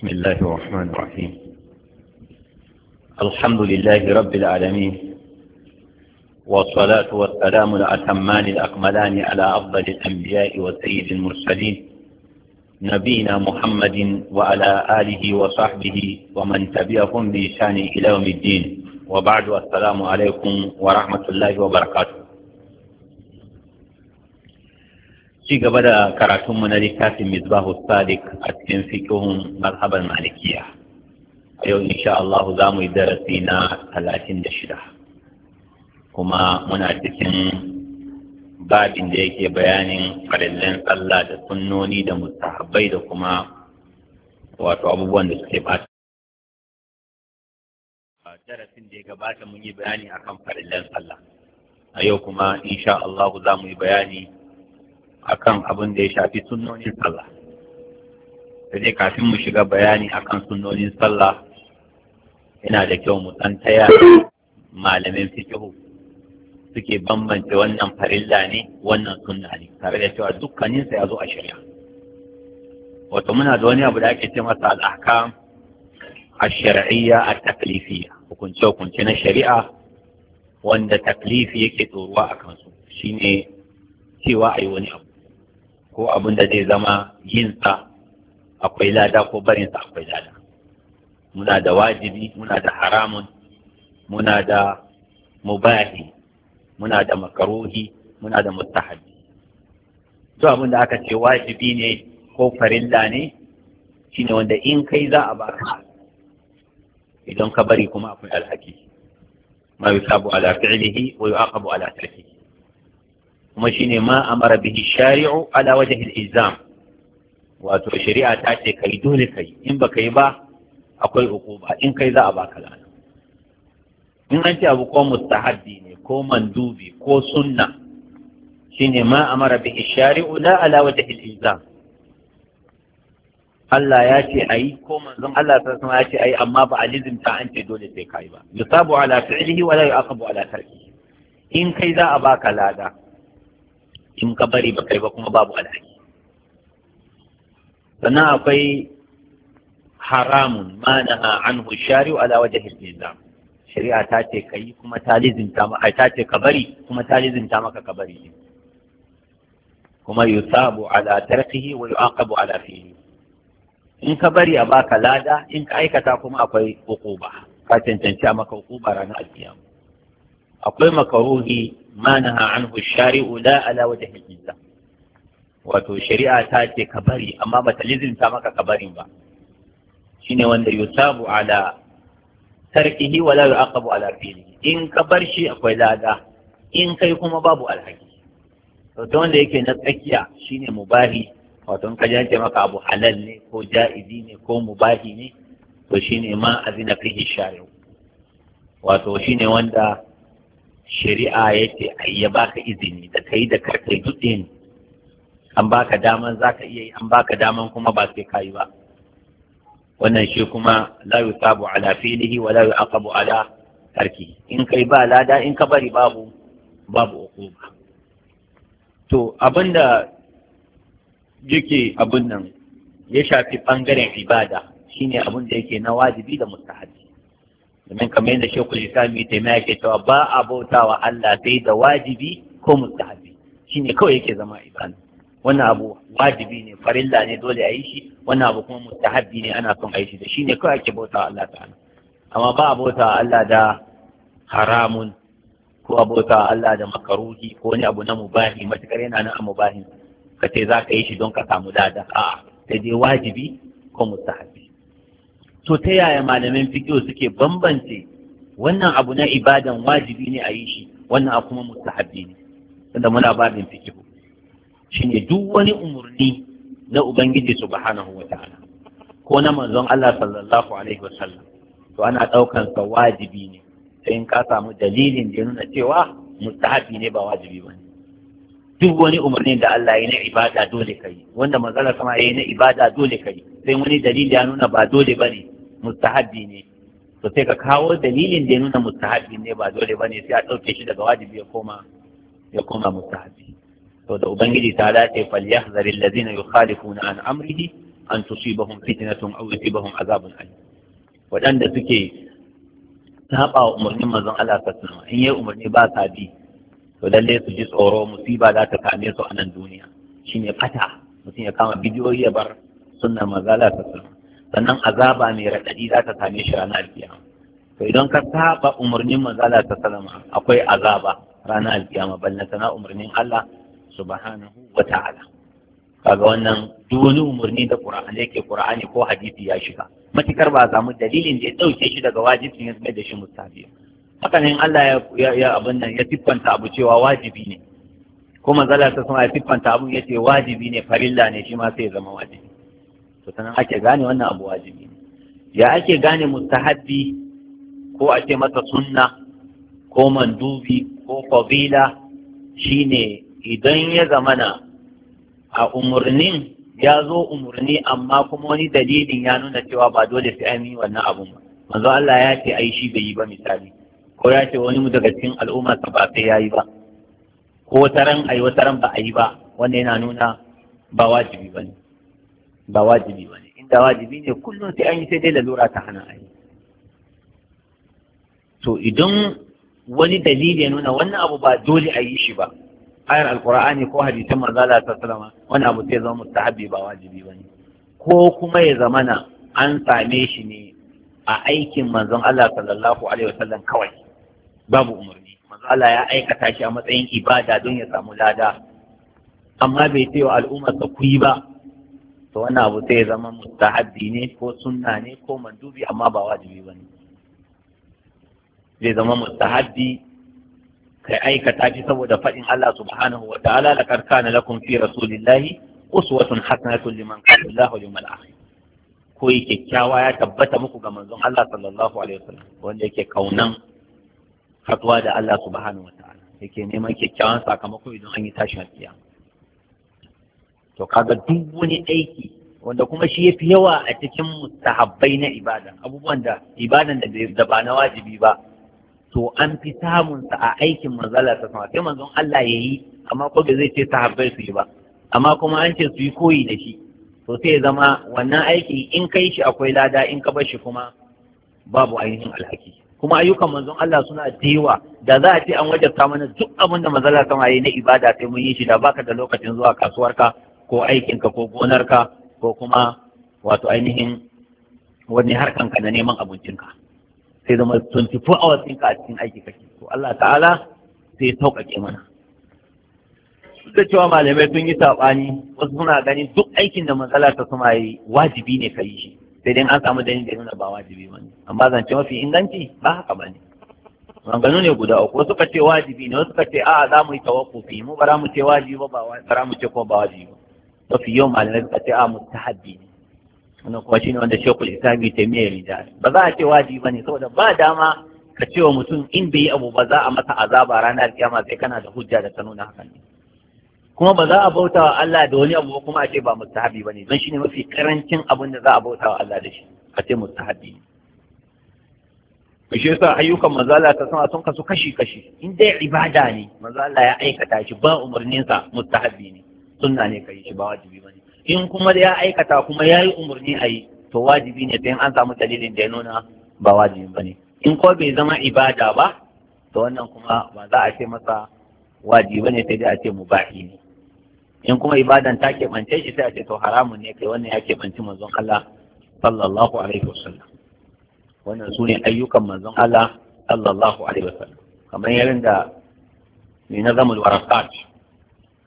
بسم الله الرحمن الرحيم الحمد لله رب العالمين والصلاة والسلام الأتمان الأكملان على أفضل الأنبياء وسيد المرسلين نبينا محمد وعلى آله وصحبه ومن تبعهم بشان إلى يوم الدين وبعد السلام عليكم ورحمة الله وبركاته ci gaba da karatun mu na littafin misbahu sadiq a cikin fiqhun mazhabar malikiya a yau insha Allah za mu yi darasi na talatin da shida kuma muna cikin babin da yake bayanin farillan sallah da sunnoni da mustahabbai da kuma wato abubuwan da suke ba darasin da ya gabata mun yi bayani akan farillan sallah a yau kuma insha Allah za mu yi bayani akan abin da ya shafi sunnonin sallah da dai kafin mu shiga bayani akan sunnonin sallah yana da kyau mu tsantaya malamin fiqhu suke bambance wannan farilla ne wannan sunna ne tare da cewa dukkanin sa ya zo a shari'a wato muna da wani abu da ake ce masa al'ahkam a التكليفية hukunce-hukunce na shari'a, wanda taklifi yake tsoruwa a kansu shine cewa a yi wani abu ko abin da zai zama yinsa akwai lada ko barinsa akwai lada muna da wajibi muna da haramun muna da mubahi muna da makaruhi muna da mustahabi to abin da aka ce wajibi ne ko farilla ne shine wanda in kai za a baka idan ka bari kuma akwai alhaki ma yusabu ala fi'lihi wa yu'aqabu ala tarkihi kuma shine ma amara bihi shari'u ala wajhi al-ilzam wato shari'a ta ce kai dole kai in ba kai ba akwai ba, in kai za a baka lana in an ce abu ko mustahabbi ne ko mandubi ko sunna shine ma amara bihi shari'u la ala wajhi al-ilzam Allah ya ce a yi ko manzon Allah ta sama ya ce a yi amma ba a ta an ce dole sai kai ba yusabu ala fi'lihi wa la yu'aqabu ala tarki in kai za a baka lada in ka bari ba kai ba kuma babu alhaki sannan akwai haramun ma na anhu shari'u ala waje hirgiza shari'a ta ce ka yi kuma ta lizinta maka ta ce ka bari kuma ta lizinta maka ka bari kuma yusabu ala tarkihi wa yu'aqabu ala fihi in ka bari a baka lada in ka aikata kuma akwai hukuba ka cancanci a maka hukuba ranar alkiyama akwai makaruhi ma naha anhu shari'u la ala wajhi al wato shari'a ta ce ka bari amma bata lizinta maka ka bari ba shine wanda yusabu ala tarkihi wa la yu'aqabu ala fili. in ka bar shi akwai lada in kai kuma babu alhaki to wanda yake na tsakiya shine mubahi wato in ka jace maka abu halal ne ko ja'izi ne ko mubahi ne to shine ma azina fihi shari'u wato shine wanda shari'a yake ce, ya baka izini da kai da karkai dutse an baka daman ka iya yi an baka daman kuma ba sai kayi ba wannan shi kuma la yusabu ala fi'lihi wa la akabu ala tarki in kai ba lada in ka bari babu babu ba. to abinda yake abin nan ya shafi bangaren ibada shine abin da yake na wajibi da mustahabi domin kamar yadda shekul islami mai ke cewa ba a bautawa Allah sai da wajibi ko mustahabi shine kawai yake zama ibada wannan abu wajibi ne farilla ne dole a yi shi wannan abu kuma mustahabi ne ana son a yi shi da shine kawai ake bautawa Allah ta'ala amma ba a bautawa Allah da haramun ko a bautawa Allah da makaruhi ko wani abu na mubahi matukar yana na mubahi ka ce za ka yi shi don ka samu dada a'a sai dai wajibi ko mustahabi to ta yaya malamin fiqh suke bambance wannan abu na ibadan wajibi ne a yi shi wannan abu kuma mustahabbi ne tunda muna babin fiqh shine duk wani umurni na ubangiji subhanahu wataala ko na manzon Allah sallallahu alaihi wasallam to ana daukan sa wajibi ne sai in ka samu dalilin da nuna cewa mustahabi ne ba wajibi ba ne duk wani umarnin da Allah ya na ibada dole ka yi wanda manzala sama ya yi na ibada dole ka yi sai wani dalili ya nuna ba dole ba ne Mustahabi ne to sai ka kawo dalilin da ya nuna mustahabi ne ba dole ba ne sai a ɗauke shi daga wajibi ya koma ya koma mustahabi. to da ubangiji ta dace fal yahzari allazina yukhalifuna an amrihi an tusibahum fitnatun aw yusibahum azabun alim waɗanda suke saba wa umarnin manzon Allah sallallahu alaihi in yi umarni ba sa bi to lalle su ji tsoro musiba za ta kame su a nan duniya shine fata mutum ya kama bidiyoyi ya bar sunna manzon Allah sallallahu alaihi sannan azaba mai raɗaɗi za ta same shi ranar alkiyama to idan ka saba umarnin manzala ta salama akwai azaba ranar alkiyama balle sana umarnin Allah subhanahu wa ta'ala kaga wannan duk wani umarni da Qur'ani yake Qur'ani ko hadisi ya shiga matukar ba samu dalilin da ya dauke shi daga wajibin ya zama da shi mustafi hakanin Allah ya ya abin nan ya siffanta abu cewa wajibi ne kuma zalla ta sama ya siffanta abu yace wajibi ne farilla ne shi ma sai ya zama wajibi to sanan ake gane wannan abu wajibi ya ake gane mustahabbi ko a ce masa sunna ko mandubi ko fadila shine idan ya zamana a umarnin ya zo umarni amma kuma wani dalilin ya nuna cewa ba dole sai an yi wannan abun ba manzo Allah ya ce ai shi bai yi ba misali ko ya ce wani daga cikin al'umma ta ba sai yayi ba ko wata ai wata ba a yi ba wannan yana nuna ba wajibi bane ba wajibi ba ne inda wajibi ne kullum sai an yi sai dai lalura ta hana a yi to idan wani dalili ya nuna wannan abu ba dole a yi shi ba ayar alkur'ani ko hadisin manzo ta sallallahu wani abu sai zama mustahabi ba wajibi ba ne ko kuma ya zamana an same shi ne a aikin manzon Allah sallallahu alaihi wasallam kawai babu umarni manzo Allah ya aikata shi a matsayin ibada don ya samu lada amma bai ce wa al'ummar ku yi ba to wannan abu sai ya zama mustahabbi ne ko sunna ne ko mandubi amma ba wajibi ba ne zai zama mustahaddi, kai aikata shi saboda faɗin Allah subhanahu wa ta'ala laqad kana lakum fi rasulillahi uswatun hasanatun liman kana Allahu liman akhi ko kyawa ya tabbata muku ga manzon Allah sallallahu alaihi wasallam wanda yake kaunan haɗuwa da Allah subhanahu wa ta'ala yake neman kyakkyawan sakamako idan an yi tashin alkiyama to kaga duk wani aiki wanda kuma shi yafi yawa a cikin mustahabbai na ibada abubuwan da ibadan da ba na wajibi ba to an fi samun sa a aikin manzala ta sama sai manzon Allah yayi amma ko bai zai ce sahabbai su yi ba amma kuma an ce su yi koyi da shi to sai zama wannan aiki in kai shi akwai lada in ka bar shi kuma babu ainihin alhaki kuma ayyukan manzon Allah suna da da za a ce an wajabta mana duk abin da manzala ta na ibada sai mun yi shi da baka da lokacin zuwa kasuwar ka. ko aikinka ko gonarka ko kuma wato ainihin wani harkanka na neman abincinka sai zama 24 hours ɗinka a cikin aiki kake to Allah ta'ala sai sauƙaƙe mana duk da cewa malamai sun yi saɓani wasu suna ganin duk aikin da matsala ta suma yi wajibi ne ka yi shi sai dai an samu dalilin da nuna ba wajibi ba ne amma zance mafi inganci ba haka ba ne maganganu ne guda uku wasu ka ce wajibi ne wasu ka ce a'a za mu yi tawakufi mu ba za mu ce wajibi ba ba za mu ce ko ba wajibi ba mafi yawan malamai suka ce a mustahabbi ne wannan kuma shine wanda shekul isami ta miya rida ba za a ce wajibi ba ne saboda ba dama ka ce wa mutum in bai yi abu ba za a masa azaba ranar kiyama sai kana da hujja da ta nuna hakan kuma ba za a bauta wa Allah da wani abu kuma a ce ba mustahabi ba ne don ne mafi karancin abin da za a bauta wa Allah da shi a ce mustahabi ne shi yasa ayyukan mazala ta sama sun kasu kashi kashi in dai ibada ne mazala ya aikata shi ba umarninsa mustahabi ne sunna ne ka yi shi ba wajibi ba ne in kuma da ya aikata kuma ya yi umarni a yi to wajibi ne sai an samu dalilin da ya nuna ba wajibi ba ne in ko bai zama ibada ba to wannan kuma ba za a ce masa wajibi ba ne sai dai a ce mubahi ne in kuma ibadan ta keɓance shi sai a ce to haramun ne kai wannan ya keɓanci manzon Allah sallallahu alaihi wasallam wannan su ne ayyukan manzon Allah sallallahu alaihi wasallam kamar yarin da ne na zamul warasat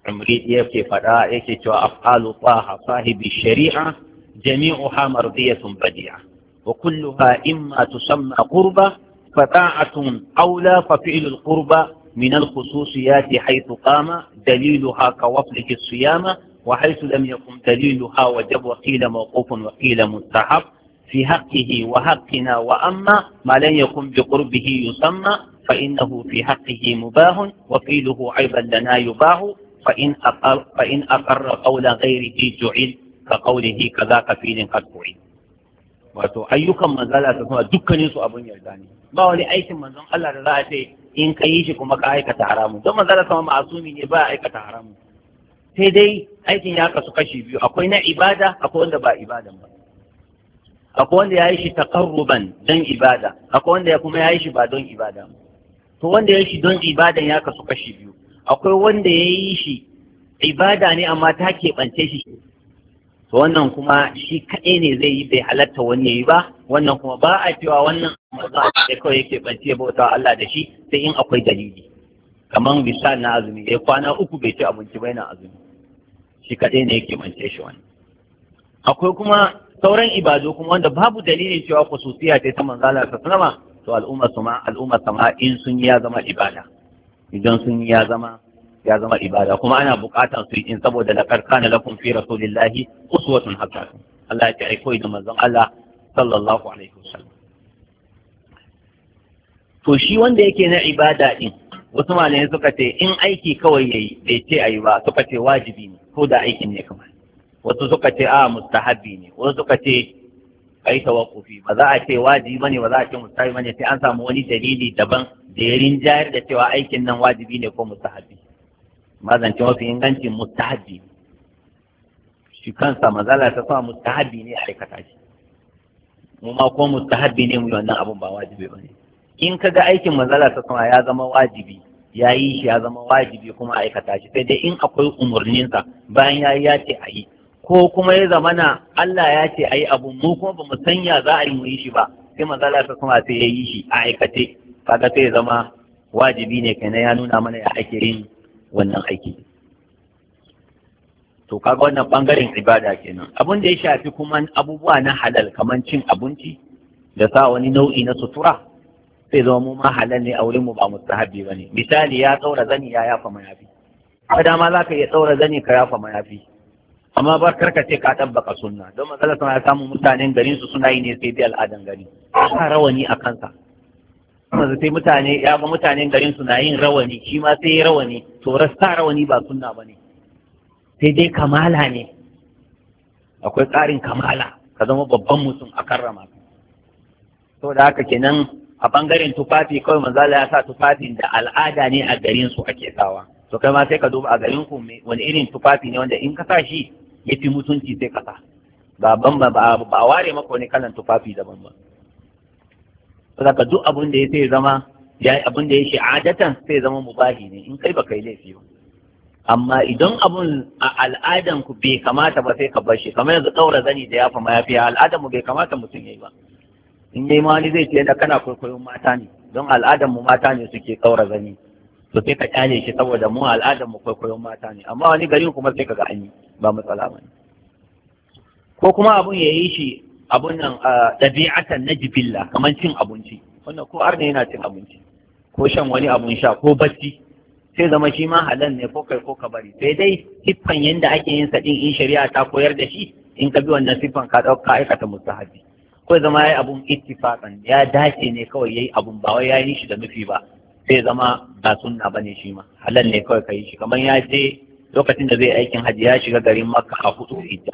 عمري يكي فدا يكي تو أفعال طه صاحب الشريعة جميعها مرضية بديعة وكلها إما تسمى قربة فطاعة أولى ففعل القربة من الخصوصيات حيث قام دليلها كوصله الصيام وحيث لم يكن دليلها وجب وقيل موقوف وقيل مستحب في حقه وحقنا وأما ما لم يكن بقربه يسمى فإنه في حقه مباه وقيله أيضا لنا يباه فإن أقر فإن أقر قول غيره جعل كقوله كذاك فيل قد فعل wato ayyukan manzala ta kuma dukkanin su abun yarda ne ba wani aikin manzon Allah da za a ce in ka yi shi kuma ka aikata haramun don manzala sama ma'asumi ne ba aikata haramun sai dai aikin ya kasu kashi biyu akwai na ibada akwai wanda ba ibada ba akwai wanda ya yi shi takarruban don ibada akwai wanda kuma ya yi shi ba don ibada to wanda ya yi shi don ibada ya kasu kashi biyu akwai wanda ya yi shi ibada ne amma ta keɓance shi to wannan kuma shi kaɗai ne zai yi bai halatta wani yi ba wannan kuma ba a cewa wannan da kawai yake ɓance bauta Allah da shi sai in akwai dalili kamar bisa na azumi ya kwana uku bai ci abinci ba yana azumi shi kaɗai ne yake ɓance shi wani akwai kuma sauran ibadu kuma wanda babu dalilin cewa ta ce ta manzala ta sanama? to al'umma sama in sun ya zama ibada idan sun yi ya zama ya zama ibada kuma ana bukatar su in saboda laqad fira, lakum fi rasulillahi uswatun hasanah Allah ya ce koyi da manzon Allah sallallahu alaihi wasallam to shi wanda yake na ibada din wasu malamai suka ce in aiki kawai yayi bai ce ayi ba suka ce wajibi ne ko da aikin ne kamar wasu suka ce a mustahabi ne wasu suka ce kai tawakkufi ba za a ce wajibi bane ba za a ce mustahabi bane sai an samu wani dalili daban da ya rinjayar da cewa aikin nan wajibi ne ko mustahabi mazancin wasu inganci mustahabi shi kansa mazala ta sa mustahabi ne a aikata shi mu ma ko mustahabi ne mu yi wannan abun ba wajibi ba ne in ka ga aikin mazala ta sa ya zama wajibi ya yi shi ya zama wajibi kuma aikata shi sai dai in akwai umarninsa bayan ya yi ya ce a yi ko kuma ya zamana Allah ya ce a yi abu mu kuma ba mu sanya za a yi mu yi shi ba sai mazala ta sa sai ya yi shi a aikace kaga sai zama wajibi ne kenan ya nuna mana ya ake yin wannan aiki to kaga wannan bangaren ibada kenan Abun da ya shafi kuma abubuwa na halal kamar cin abinci da sa wani nau'i na sutura sai zama mu ma halal ne a wurin mu ba mustahabi bane misali ya tsaura zani ya yafa mayafi ka dama za ka iya tsaura zani ka yafa mayafi amma ba karka ce ka tabbaka sunna don matsalar sana samun mutanen garin su suna yi ne sai bi al'adan gari sa rawani a kansa manzo sai mutane ya ga mutanen garin suna na yin rawani shi ma sai rawani to rasta rawani ba sunna ne. sai dai kamala ne akwai tsarin kamala ka zama babban mutum a karrama to da haka kenan a bangaren tufafi kawai manzala ya sa tufafin da al'ada ne a garin su ake sawa to kai ma sai ka duba a garin ku wani irin tufafi ne wanda in ka sa shi yafi mutunci sai ka sa ba ba ba ware maka wani kalan tufafi daban ba saka duk abin da ya sai zama ya abin da ya shi adatan sai zama mubahi ne in kai baka yi laifi ba amma idan abun a al'adan ku bai kamata ba sai ka bar shi kamar yanzu kaura zani da yafa mayafi a al'adan mu bai kamata mutum yayi ba in dai ma wani zai ce da kana kwaikwayon mata ne don al'adan mu mata ne suke kaura zani to sai ka kyale shi saboda mu al'adan mu kwaikwayon mata ne amma wani gari kuma sai ka ga an yi ba matsala ba ko kuma abun ya yi shi abun nan dabi'atan na jibilla kamar cin abinci wannan ko arna yana cin abinci ko shan wani abun sha ko bacci sai zama shi ma halal ne ko kai ko ka bari sai dai siffan yadda ake yin sa din in shari'a ta koyar da shi in ka bi wannan siffan ka ɗauka aikata mustahabi ko zama yayi abun ittifaqan ya dace ne kawai yayi abun ba wai yayi shi da nufi ba sai zama ba sunna bane shi ma halal ne kawai ka yi shi kamar ya je lokacin da zai aikin hajji ya shiga garin makka a hudu hijja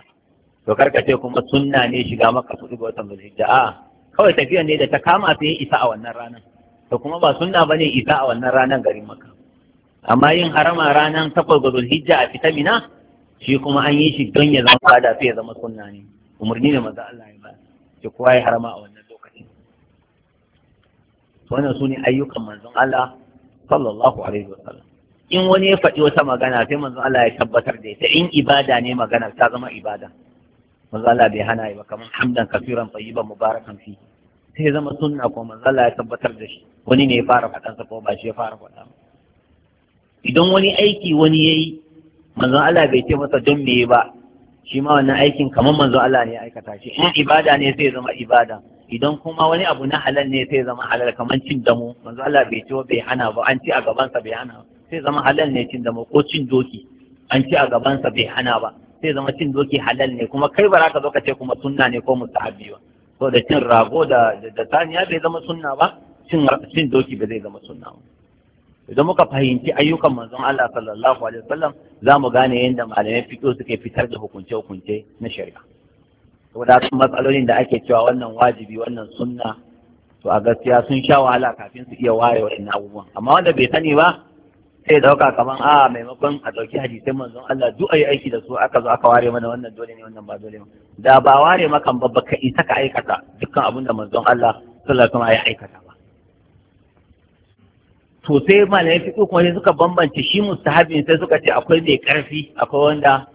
to karkace ce kuma sunna ne shiga maka kuɗi ga watan zulhijja a kawai tafiya ne da ta kama sai isa a wannan ranar to kuma ba sunna bane isa a wannan ranar garin maka amma yin harama ranar takwas ga zulhijja a fita mina shi kuma an yi shi don ya zama fada sai ya zama sunna ne umarni ne maza Allah ya ba shi kowa ya harama a wannan lokacin wannan su ne ayyukan manzon Allah sallallahu alaihi wasallam in wani ya faɗi wata magana sai manzon Allah ya tabbatar da ita in ibada ne maganar ta zama ibada manzo Allah bai hana ba kamar hamdan kafiran tayyiban mubarakan fi sai zama sunna ko manzo Allah ya tabbatar da shi wani ne ya fara faɗan sa ko ba shi ya fara faɗa idan wani aiki wani yayi manzo Allah bai ce masa don me ba shi ma wannan aikin kamar manzo Allah ne ya aikata shi in ibada ne sai zama ibada idan kuma wani abu na halal ne sai zama halal kamar cin damo manzo Allah bai ce bai hana ba an ci a gabansa bai hana sai zama halal ne cin damo ko cin doki an ci a gabansa bai hana ba sai zama cin doki halal ne kuma kai ba za ka zo ka ce kuma sunna ne ko mustahabi ba to da cin rago da da saniya bai zama sunna ba cin doki ba zai zama sunna ba idan muka fahimci ayyukan manzon Allah sallallahu alaihi wasallam za mu gane yadda malamai fito suke fitar da hukunce-hukunce na shari'a saboda sun matsalolin da ake cewa wannan wajibi wannan sunna to a gaskiya sun sha wahala kafin su iya ware wa'annan abubuwan amma wanda bai sani ba sai da dauka kaman a maimakon a dauki hadisin manzon Allah duk ayi aiki da su aka zo aka ware mana wannan dole ne wannan ba dole ne da ba ware maka ba baka isa ka aikata dukkan abin da manzon Allah sallallahu alaihi wasallam ya aikata ba to sai malamai fiqh kuma sai suka bambance shi mustahabin sai suka ce akwai mai karfi akwai wanda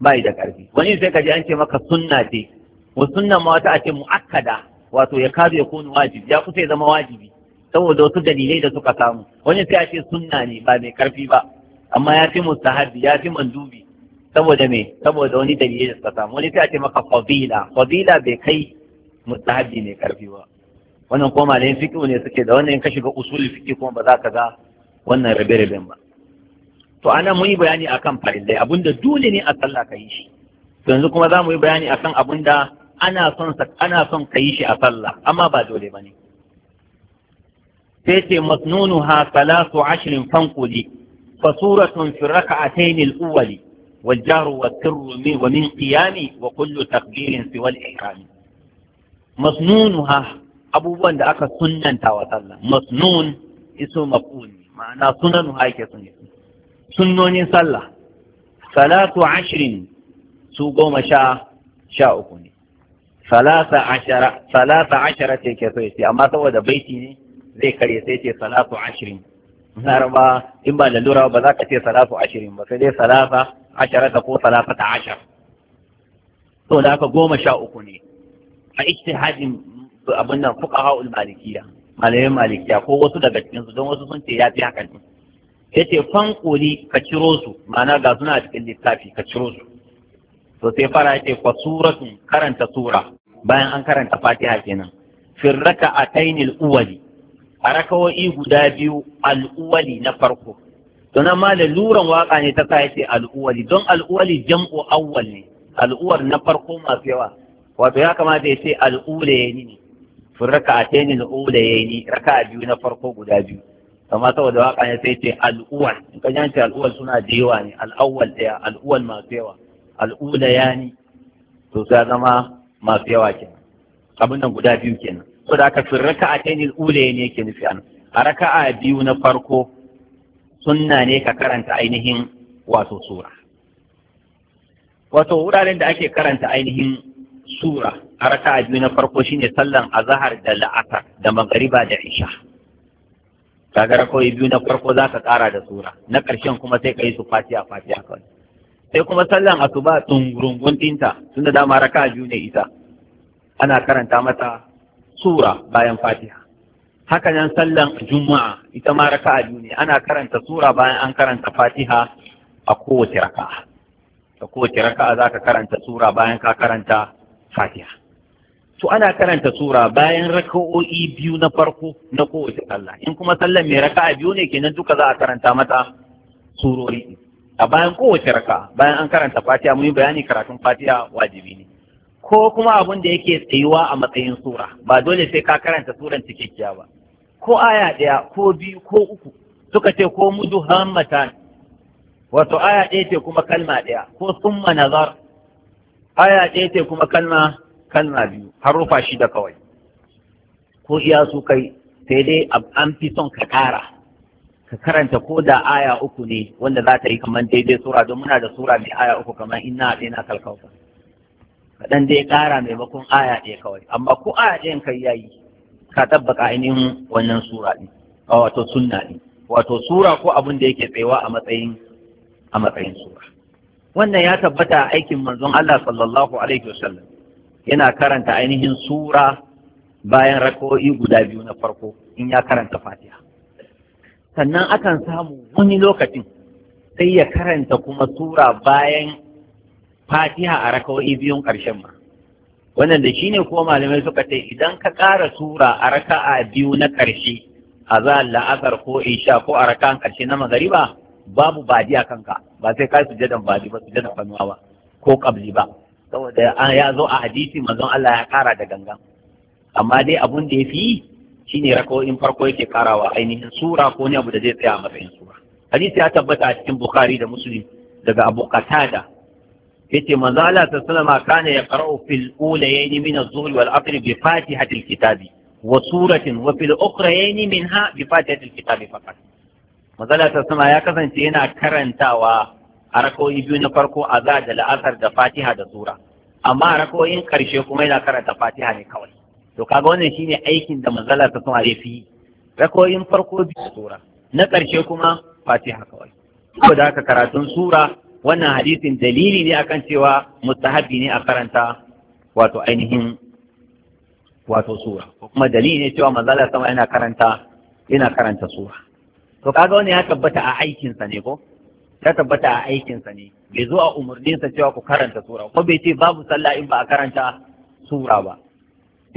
bai da karfi wani sai ka ji an ce maka sunna ce wa sunna ma wata a ce muakkada wato ya kazo ya kunu wajibi ya kusa ya zama wajibi saboda wasu dalilai da suka samu wani sai a ce sunna ne ba mai karfi ba amma ya fi mustahabi ya fi mandubi saboda me saboda wani dalilai da suka samu wani sai a ce maka fadila fadila bai kai mustahabi mai karfi ba wannan kuma malayin fiqh ne suke da wannan in ka shiga usul kuma ba za ka ga wannan rabe-raben ba to anan mun yi bayani akan farillai abinda dole ne a sallah ka yi shi yanzu kuma za mu yi bayani akan abinda ana son ana son ka yi shi a sallah amma ba dole ba ne sai ce masnunu ha salatu ashirin fankuli fa suratun fi raka'atayn al-awwali wal jaru wa sirru min wa min qiyami wa kullu takbirin fi wal ihrami masnunu ha abubuwan da aka sunnanta wa sallah masnun isu maf'ul ma'ana sunanu ha yake sunni sunnonin sallah salatu ashirin su goma sha sha uku ne salasa ashara salata ashara ce ke so ya amma saboda baiti ne zai karya sai ce salatu ashirin ba in ba lalura ba za ka ce salatu ashirin ba sai dai salasa asharata ko salafa ta ashar to da aka goma sha uku ne a ijtihadin abin nan fuqaha ul malikiya malamin malikiya ko wasu daga cikin su don wasu sun ce ya fi haka ne yace fankoli ka ciro su ma'ana ga suna cikin littafi ka ciro su to sai fara yace fa suratun karanta sura bayan an karanta fatiha kenan firraka atainil uwali a rakawo'i guda biyu al'uwali na farko Don amma ma laluran waka ne ta sa yace al'uwali don al'uwali jam'u awwal ne al'uwar na farko masu yawa wato ya kamata ya ce al'ulayeni ne fun raka a teni ni raka a biyu na farko guda biyu amma saboda waka ne sai ce al'uwal in ka yanci al'uwal suna da yawa ne al'awwal daya al'uwal masu yawa al'ulayani to sai zama masu yawa kenan abin nan guda biyu kenan so da aka sun raka'a a ne ule ne ke nufi an a a biyu na farko sunna ne ka karanta ainihin wato sura wato wuraren da ake karanta ainihin sura a a biyu na farko shine sallan azahar da la'asar da magariba da isha gara kawai biyu na farko za ka kara da sura na ƙarshen kuma sai ka yi su fatiha fatiha kawai sai kuma sallan asuba tsungurungun dinta tunda dama raka'a biyu ne ita ana karanta mata sura bayan fatiha haka nan sallan juma'a ita ma raka'a biyu ne ana karanta sura bayan an karanta fatiha a kowace raka'a a kowace raka'a ka karanta sura bayan ka karanta fatiha to ana karanta sura bayan raka'o'i biyu na farko na kowace sallah in kuma sallan mai raka'a biyu ne kenan duka za a karanta mata surori a bayan kowace raka'a bayan an karanta fatiha mun yi bayani karatun fatiha wajibi ne ko kuma abin da yake tsayuwa a matsayin sura ba dole sai ka karanta suran cikakkiya ba ko aya ɗaya ko biyu ko uku suka ce ko mudu hammatan wato aya ɗaya ce kuma kalma ɗaya ko summa nazar aya ɗaya ce kuma kalma kalma biyu harufa shida kawai ko iya su kai sai dai an fi son ka ƙara ka karanta ko da aya uku ne wanda za ta yi kamar daidai sura don muna da sura mai aya uku kamar inna a ɗaya na kalkauta kaɗan dai ƙara maimakon aya ɗaya kawai amma ko aya ɗaya kai yayi ka tabbaka ainihin wannan sura ɗin wato sunna ɗin wato sura ko abin da yake tsayawa a matsayin a matsayin sura wannan ya tabbata aikin manzon Allah sallallahu alaihi wasallam yana karanta ainihin sura bayan rako'i guda biyu na farko in ya karanta fatiha sannan akan samu wani lokacin sai ya karanta kuma sura bayan fatiha a raka'o'i biyun ƙarshen ma wannan da shine ko malamai suka ce idan ka ƙara sura a raka'a biyu na ƙarshe a za la'asar ko isha ko a raka'an ƙarshe na magariba babu badi a kanka ba sai ka sujadan badi ba sujadan fanuwa ba ko ƙabli ba saboda ya zo a hadisi manzon Allah ya ƙara da gangan amma dai abun da ya fi shine raka'o'in farko yake ƙarawa ainihin sura ko ne abu da zai tsaya a matsayin sura hadisi ya tabbata a cikin bukhari da muslim daga abu qatada yace manzo Allah sallama kana ya qara'u fil ulayayn min az-zuhr wal asr bi fatihati al-kitabi wa suratin wa fil ukhrayayn minha bi fatihati al-kitabi faqat manzo Allah sallama ya kasance yana karantawa a rakoyi biyu na farko azza da la'asar da fatiha da sura amma a rakoyin karshe kuma yana karanta fatiha ne kawai to kaga wannan shine aikin da manzo Allah sallama ya fi rakoyin farko biyu sura na karshe kuma fatiha kawai da haka karatun sura wannan hadisin dalili ne akan cewa mustahabi ne a karanta wato ainihin wato sura Ko kuma dalili ne cewa manzala sama yana karanta yana karanta sura to kaga wani ya tabbata a aikinsa ne ko ya tabbata a aikinsa ne bai zo a umarninsa cewa ku karanta sura ko bai ce babu sallah in ba a karanta sura ba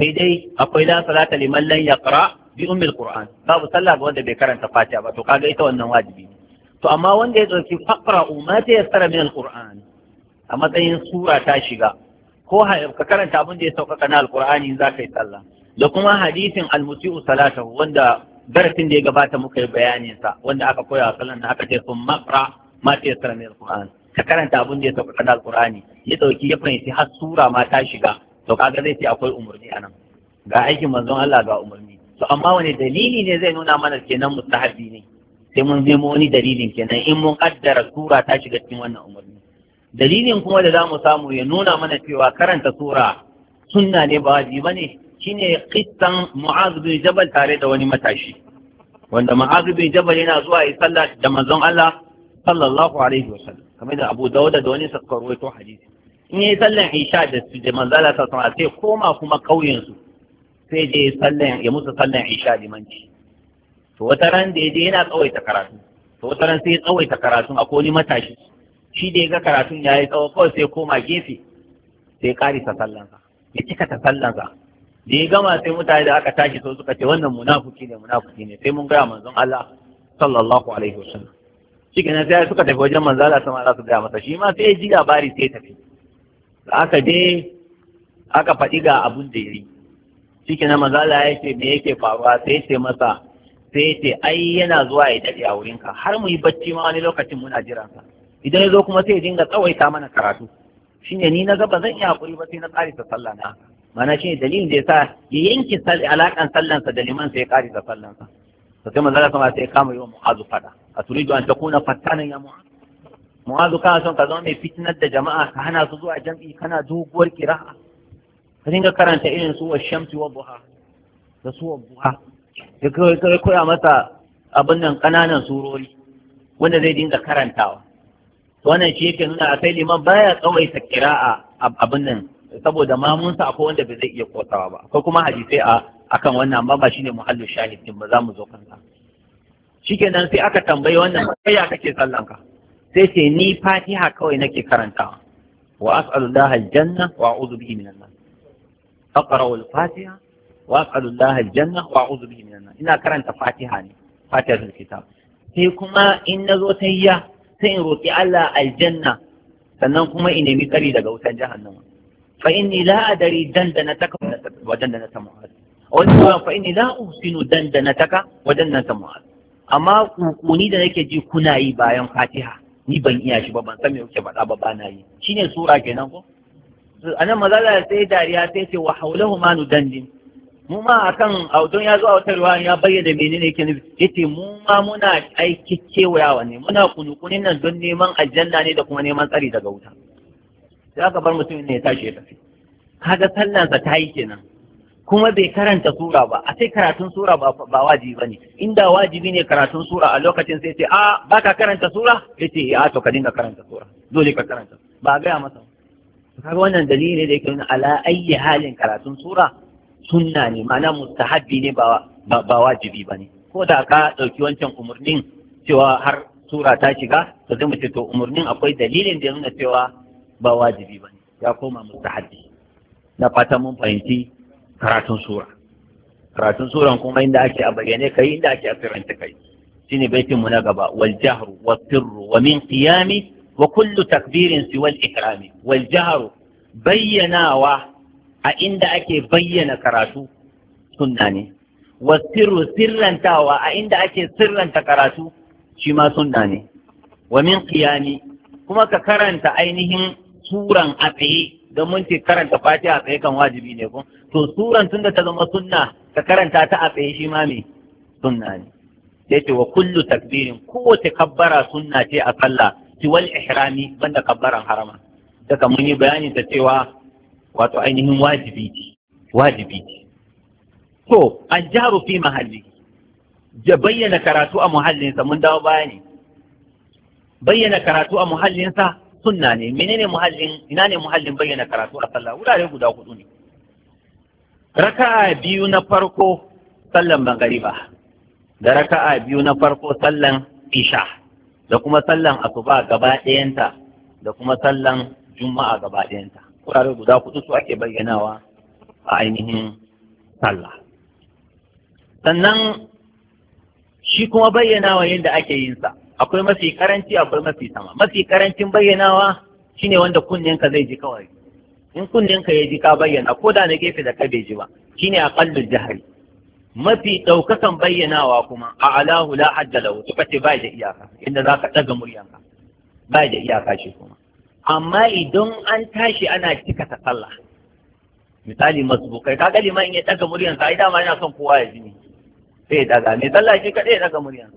sai dai akwai la salata liman lan yaqra bi ummil qur'an babu sallah ga wanda bai karanta fatiha ba to kaga ita wannan wajibi to amma wanda ya ɗauki faƙra umma ta ya tsara min alƙur'an a matsayin sura ta shiga ko ka karanta abin da ya sauƙaƙa na alƙur'ani za ka yi tsalla. da kuma hadisin almusi'u salata wanda darasin da ya gabata muka yi bayaninsa, wanda aka koya a sallan na aka ce sun maqra ma ta tsara min ka karanta abin da ya sauƙaƙa na alƙur'ani ya dauki ya fahimci har sura ma ta shiga to kaga zai ce akwai umarni anan ga aikin manzon Allah ga umarni to amma wani dalili ne zai nuna mana kenan mustahabi ne sai mun nemo wani dalilin kenan in mun kaddara sura ta shiga cikin wannan umarni dalilin kuma da zamu samu ya nuna mana cewa karanta sura sunna ne ba wajibi bane shine qissan mu'az bin jabal tare da wani matashi wanda mu'az bin jabal yana zuwa yi sallah da manzon Allah sallallahu alaihi wasallam kamar da Abu Dawud da wani sakkar to hadisi in yi sallan isha da su da manzon Allah sallallahu alaihi wasallam sai koma kuma kauyen su sai je sallan ya musu sallan isha limanci to wata ran da je yana tsawaita karatu to wata ran sai ya tsawaita karatun a koli matashi shi da ya ga karatun ya yi tsawo kawai sai koma gefe sai ƙari ta sallansa ya cika ta sallansa da ya gama sai mutane da aka tashi so suka ce wannan munafuki ne munafuki ne sai mun gaya manzon Allah sallallahu alaihi wasallam shi na sai suka tafi wajen manzo Allah sama Allah su gaya masa shi ma sai ya ji labari sai tafi da aka je aka faɗi ga abun da ya yi shi kenan manzo Allah ya ce me yake faruwa sai ya ce masa sai ce ai yana zuwa ya dade a wurinka har mu yi bacci ma wani lokacin muna jiran sa idan ya zo kuma sai ya dinga tsawaita mana karatu shine ni na ga ba zan iya hakuri ba sai na karisa sallah na mana shine dalilin da yasa ya yanke alakan sa da liman sai ya karisa sa to sai manzo sama sai ya kama yawan mu'azu fada a turidu an takuna fattanan ya mu'azu mu'azu kana son ka zama mai fitinar da jama'a ka hana su zuwa jam'i kana doguwar kira ka dinga karanta irin su wa shamsi wa duha da su wa duha da kawai kawai koya masa abin nan ƙananan surori wanda zai dinga karantawa wannan shi yake nuna a kai liman baya kira kira'a abin nan saboda mamunsa akwai wanda bai zai iya kotawa ba akwai kuma hadisai a akan wannan amma ba shine muhallu shahid ba za mu zo kansa shikenan sai aka tambayi wannan kai ya kake sallanka sai sai ni fatiha kawai nake karantawa wa as'alullaha aljanna wa a'udhu bihi minan nar aqra'u al-fatiha wa as'alullah aljanna wa a'udhu bihi minan ina karanta fatiha ne fatihatul kitab sai kuma in nazo tayya sai in roƙi Allah aljanna sannan kuma in nemi tsari daga wutan jahannama fa inni la adari dandanataka wa dandanata mu'ad wani kuma fa inni la usinu dandanataka wa dandanata mu'ad amma kukuni da nake ji kuna yi bayan fatiha ni ban iya shi ba ban san me kuke faɗa ba bana yi shine sura kenan ko anan maza sai dariya sai ce wa haulahu ma nu dandin mu ma akan don ya zo a wata ruwa ya bayyana menene yake nufi yace mu ma muna aiki kewayawa ne muna kunukunin nan don neman aljanna ne da kuma neman tsari daga wuta Za ka bar mutumin ne ya tashi ya tafi kaga sallansa ta yi kenan kuma bai karanta sura ba a sai karatun sura ba wajibi ba ne inda wajibi ne karatun sura a lokacin sai ce a ba ka karanta sura ya ce ya to ka dinga karanta sura dole ka karanta ba a gaya masa kaga wannan dalili ne da yake nuna ala ayyi halin karatun sura sunna ne ma'ana mustahabbi ne ba wajibi ba ne ko da ka ɗauki wancan umarnin cewa har sura ta shiga ka zai ce to umarnin akwai dalilin da nuna cewa ba wajibi ba ne ya koma mustahabbi na fata mun fahimci karatun sura karatun suran kuma inda ake a bayyane kai inda ake a sirrance kai shine baitin mu na gaba wal jahru wa sirru wa min qiyami wa kullu takbirin siwal ikrami wal jahru bayyanawa a inda ake bayyana karatu sunna ne wa sirru sirrantawa a inda ake sirranta karatu shi ma sunna ne wa min qiyami kuma ka karanta ainihin suran a tsaye don mun ce karanta Fati a tsaye kan wajibi ne ko to suran tunda ta zama sunna ka karanta ta a tsaye shi ma me sunna ne sai ce wa kullu takbirin kowace kabbara sunna ce a sallah siwal ihrami banda kabbaran harama daga mun yi bayani ta cewa wato ainihin wajibi ce wajibi ce to jaru fi mahalli ya bayyana karatu a muhallinsa mun dawo baya ne bayyana karatu a muhallinsa sunna ne menene muhallin ina ne muhallin bayyana karatu a sallah wurare guda hudu ne raka'a biyu na farko sallan bangariba da raka'a biyu na farko sallan isha da kuma sallan asuba gaba ɗayanta da kuma sallan juma'a gaba ɗayanta wurare guda kudu su ake bayyanawa a ainihin sallah sannan shi kuma bayyanawa yadda ake yin sa akwai mafi karanci akwai mafi sama mafi karancin bayyanawa shine wanda kunnenka zai ji kawai in kunnenka ya ji ka bayyana ko da na gefe da ka bai ji ba shine aqallul jahri mafi ɗaukakan bayyanawa kuma a alahu la hadda lahu ba da iyaka inda za ka ɗaga muryanka ba da iyaka shi kuma amma idan an tashi ana cika ta sallah misali masbukai kaga liman ya daga muryan sa ai dama yana son kowa ya ji ne sai ya daga mai sallah shi kadai ya daga muryan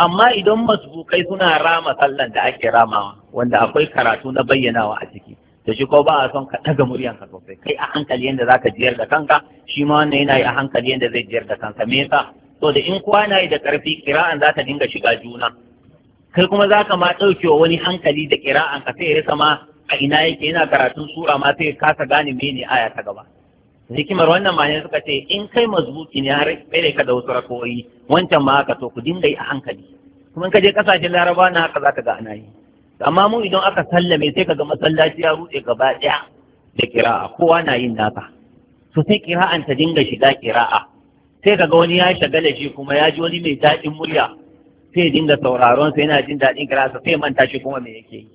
amma idan masbukai suna rama sallan da ake ramawa wanda akwai karatu na bayyanawa a ciki da shi ko ba a son ka daga muryan ka sosai kai a hankali yadda zaka jiyar da kanka shi ma wannan yana yi a hankali yadda zai jiyar da kanka me yasa to da in kowa yi da karfi kira'an za ta dinga shiga juna kai kuma za ka ma ɗauke wa wani hankali da kira'an ka sai ya ma a ina yake yana karatun sura ma sai kasa gane ne aya ta gaba hikimar wannan ma'anar suka ce in kai mazbuki ne har tsere ka da wasu rakoyi wancan ma haka to ku dinga yi a hankali kuma ka je ƙasashen laraba na haka za ka ga ana yi amma mu idan aka sallame sai ka ga masallaci ya ruɗe gaba ɗaya da kira'a kowa na yin naka to sai kira'an ta dinga shiga kira'a sai ka ga wani ya shagala shi kuma ya ji wani mai daɗin murya sai dinga sauraron sai yana jin daɗin karasa sai manta shi kuma me yake yi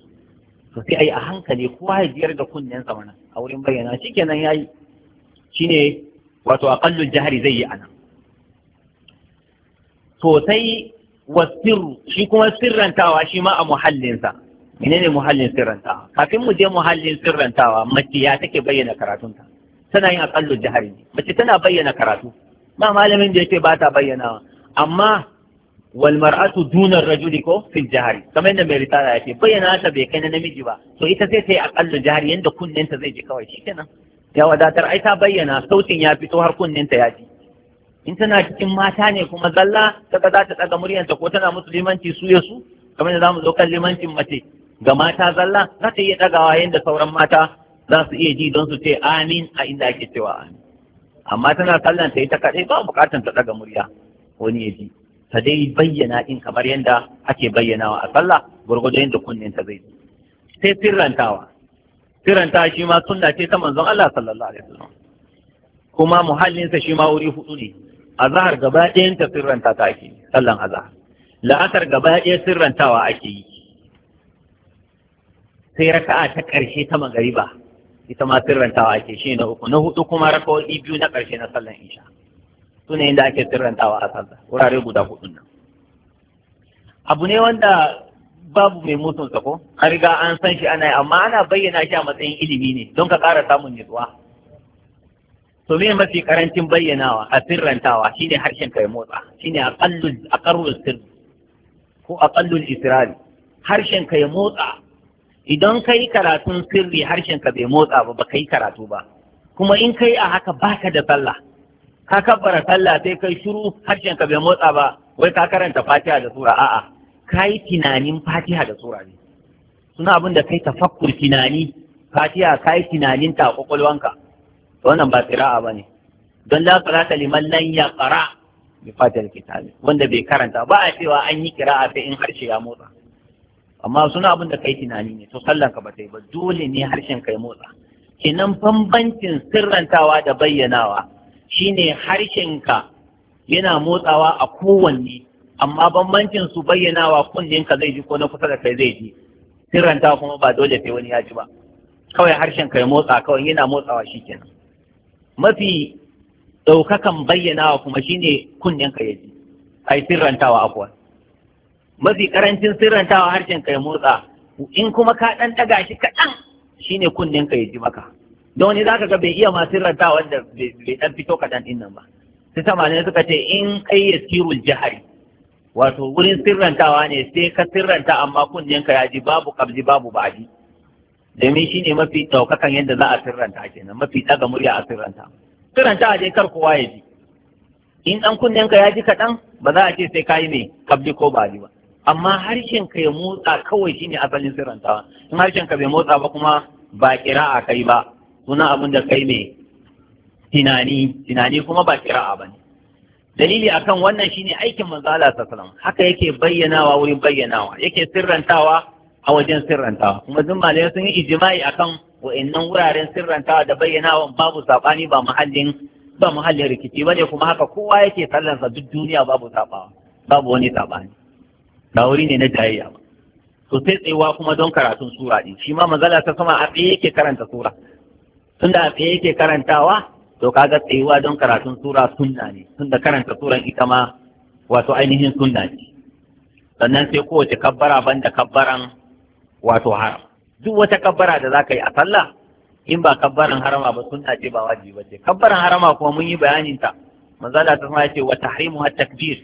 to sai ai a hankali kowa ya biyar da kunnen sa wannan a wurin bayyana shikenan yayi shine wato aqallu jahri zai yi anan to sai wasir shi kuma sirrantawa shi ma a muhallinsa menene muhallin sirrantawa kafin mu je muhallin sirrantawa mace ya take bayyana karatun ta. tana yin aqallu jahri mace tana bayyana karatu ba malamin da yake ba ta bayyanawa amma wal mar'atu duna rajuli ko fil jahari kamar da mai risala ya ce bayyana ta bai kai na namiji ba to ita sai ta yi aƙalla jahari yadda kunnenta zai ji kawai shikenan ya wadatar ai ta bayyana sautin ya fito har kunnenta ya ji in tana cikin mata ne kuma zalla kaga za ta ɗaga muryanta ko tana musu su ya su kamar yadda zamu zo kan limancin mace ga mata zalla za ta iya ɗagawa yadda sauran mata za su iya ji don su ce amin a inda ake cewa amin amma tana sallan ta ita kaɗai ba buƙatar ta ɗaga murya wani ya ji ta dai bayyana in kamar yadda ake bayyanawa a sallah gurgurdo yadda kunnen ta zai sai sirrantawa sirrantawa shi ma sunna ce ta manzon Allah sallallahu alaihi wasallam kuma muhallinsa shi ma wuri hudu ne azhar gaba ɗaya ta sirranta ta ake sallan azhar la'asar gaba ɗaya sirrantawa ake yi sai raka'a ta ƙarshe ta magariba ita ma sirrantawa ake shi na uku na hudu kuma raka'o'i biyu na ƙarshe na sallan isha su ne inda ake sirrantawa a sallah wurare guda hudu nan abu ne wanda babu mai mutum sako an riga an san shi ana yi amma ana bayyana shi a matsayin ilimi ne don ka ƙara samun nutsuwa to me mafi karancin bayyanawa a sirrantawa shine harshen kai motsa shine a aqarrul sir ko aqallul israri harshen kai motsa idan kai karatun sirri harshen ka bai motsa ba ba yi karatu ba kuma in kai a haka baka da sallah ka kabbara sallah sai kai shiru harshen ka bai motsa ba wai ka karanta fatiha da sura a'a kai tunanin fatiha da sura ne suna abin da kai tafakkur tunani fatiha kai tunanin ta kwakwalwanka wannan ba qira'a bane don la salata liman lan yaqra bi fatiha kitab wanda bai karanta ba a cewa an yi qira'a sai in harshe ya motsa amma suna abin da kai tunani ne to ka ba ta yi ba dole ne harshen kai motsa kenan bambancin sirrantawa da bayyanawa Shi ne harshenka yana motsawa a kowanne amma bambancin su bayyanawa kunninka zai ji ko na kusa da kai zai ji sirranta kuma ba dole sai wani ya ji ba kawai harshen kai motsa kawai yana motsawa kenan mafi ɗaukakan bayyanawa kuma shi ne kunninka ya ji ai sirrantawa afuwa mafi karancin sirrantawa harshen kai motsa in kuma ka ɗan ɗaga shi kaɗan shine kunninka ya ji maka don wani zaka ga bai iya ma sirranta wanda bai dan fito kaɗan din nan ba sai ta ne suka ce in kai yaskirul jihari wato wurin sirrantawa ne sai ka sirranta amma kunnen ya ji babu kabji babu ba'adi domin shi ne mafi daukakan yadda za a sirranta kenan mafi ɗaga murya a sirranta sirranta a je kar kowa ya ji in dan kunnen ka yaji kadan ba za a ce sai ka yi mai kabji ko ba'adi ba amma harshen ka ya motsa kawai shine asalin sirrantawa in harshen ka bai motsa ba kuma ba kira a kai ba suna abin da kai mai tunani tunani kuma ba kira'a ba ne dalili akan wannan shine aikin manzala Allah haka yake bayyanawa wurin bayyanawa yake sirrantawa a wajen sirrantawa kuma duk malamai sun yi ijma'i akan wa'annan wuraren sirrantawa da bayyanawa babu sabani ba muhallin ba muhallin rikici bane kuma haka kowa yake sallansa duk duniya babu sabawa babu wani sabani ba wuri ne na jayayya ba to sai tsayuwa kuma don karatun sura din shi ma sama Allah sallallahu yake karanta sura tunda a tsaye yake karantawa to ga tsayuwa don karatun sura sunna ne tunda karanta suran ita ma wato ainihin sunna ne sannan sai kowace kabbara banda kabbaran wato haram duk wata kabbara da zaka yi a sallah in ba kabbaran harama ba sunna ce ba wajibi ba ce kabbaran harama kuma mun yi bayanin ta manzala ta ya ce wa tahrimu at takbir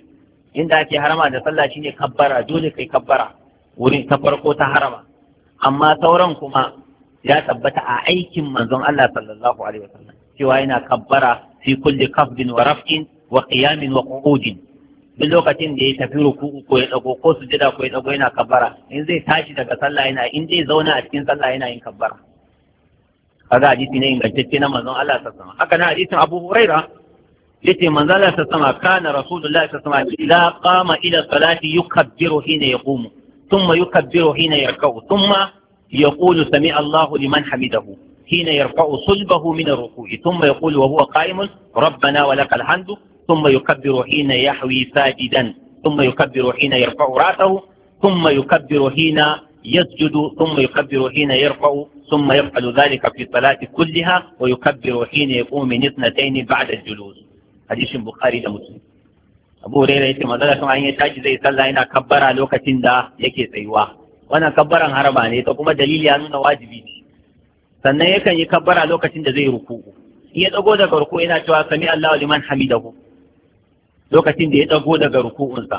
inda ake harama da sallah shine kabbara dole kai kabbara wurin ta farko ta harama amma sauran kuma ya tabbata a aikin manzon Allah sallallahu alaihi wasallam cewa yana kabbara fi kulli kafdin wa rafqin wa qiyamin wa qu'udin duk lokacin da ya tafi ruku ko ya dago ko sujada ko ya dago yana kabbara in zai tashi daga sallah yana in zai zauna a cikin sallah yana yin kabbara kaga hadisi ne ingantacce na manzon Allah sallallahu alaihi wasallam haka na hadisin Abu Huraira yace manzon Allah sallallahu alaihi wasallam kana rasulullahi sallallahu alaihi wasallam idza qama ila salati yukabbiru hina yaqumu thumma yukabbiru hina yarka'u thumma يقول سمع الله لمن حمده حين يرفع صلبه من الركوع ثم يقول وهو قائم ربنا ولك الحمد ثم يكبر حين يحوي ساجدا ثم يكبر حين يرفع راسه ثم يكبر حين يسجد ثم يكبر حين يرفع ثم يفعل ذلك في الصلاة كلها ويكبر حين يقوم من اثنتين بعد الجلوس حديث البخاري ومسلم أبو هريرة يتم ذلك أن يتاجد زي صلى إلى كبر لوكة دا يكي سيواه wannan kabbaran haraba ne ta kuma dalili ya nuna wajibi ne sannan yakan yi kabbara lokacin da zai ruku'u in ya dago daga ruku'u yana cewa sami Allahu liman hamidahu lokacin da ya dago daga ruku'unsa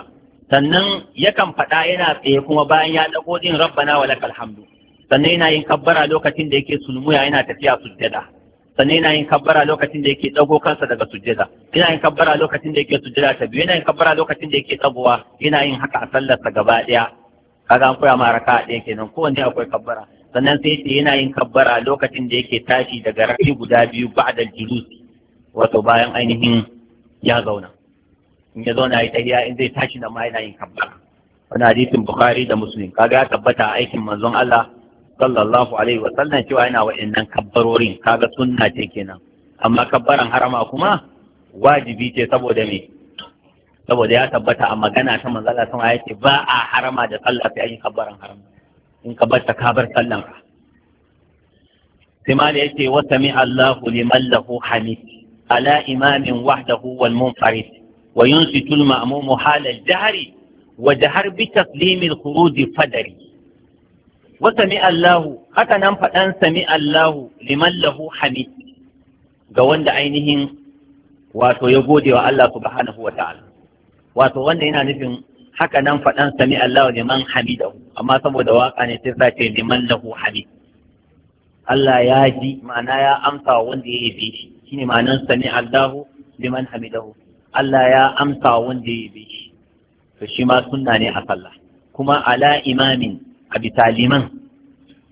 sannan yakan faɗa yana tsaye kuma bayan ya dago din rabbana wa lakal hamdu sannan yana yin kabbara lokacin da yake sulmuya yana tafiya sujjada sannan yana yin kabbara lokacin da yake dago kansa daga sujjada yana yin kabbara lokacin da yake sujjada ta biyu yana yin kabbara lokacin da yake tsagowa yana yin haka a sallarsa gaba ɗaya kaga an koya ma raka ɗaya kenan kowanne akwai kabbara sannan sai ce yana yin kabbara lokacin da yake tashi daga rafi guda biyu ba'da julus wato bayan ainihin ya zauna in ya zauna ya tahiya in zai tashi da ma yana yin kabbara wani hadisin bukhari da muslim kaga ya tabbata a aikin manzon Allah sallallahu alaihi wa sallam cewa yana wa'annan kabbarorin kaga sunna ce kenan amma kabbaran harama kuma wajibi ce saboda me saboda ya tabbata a magana ta manzala sun ya ce ba a harama da sallah sai an yi kabbaran harama in ka bar ta ka bar sallan ka sai ma da yake wa sami Allahu liman lahu hamid ala imamin wahdahu wal munfarid wa yunsitu al ma'mum hal al jahri wa jahr bi taslim al khuruj fadari wa sami Allahu haka nan fadan sami Allahu liman lahu hamid ga wanda ainihin wato ya gode wa Allah subhanahu wa ta'ala wato wanda yana nufin haka nan faɗan sami Allah wa liman hamidahu amma saboda waka ne sai sace liman lahu hamid Allah ya ji ma'ana ya amsa wa wanda ya yabe shi shine ma'anan sami Allah liman hamidahu Allah ya amsa wa wanda ya yabe shi to shi ma sunna ne a sallah kuma ala imamin a bisa liman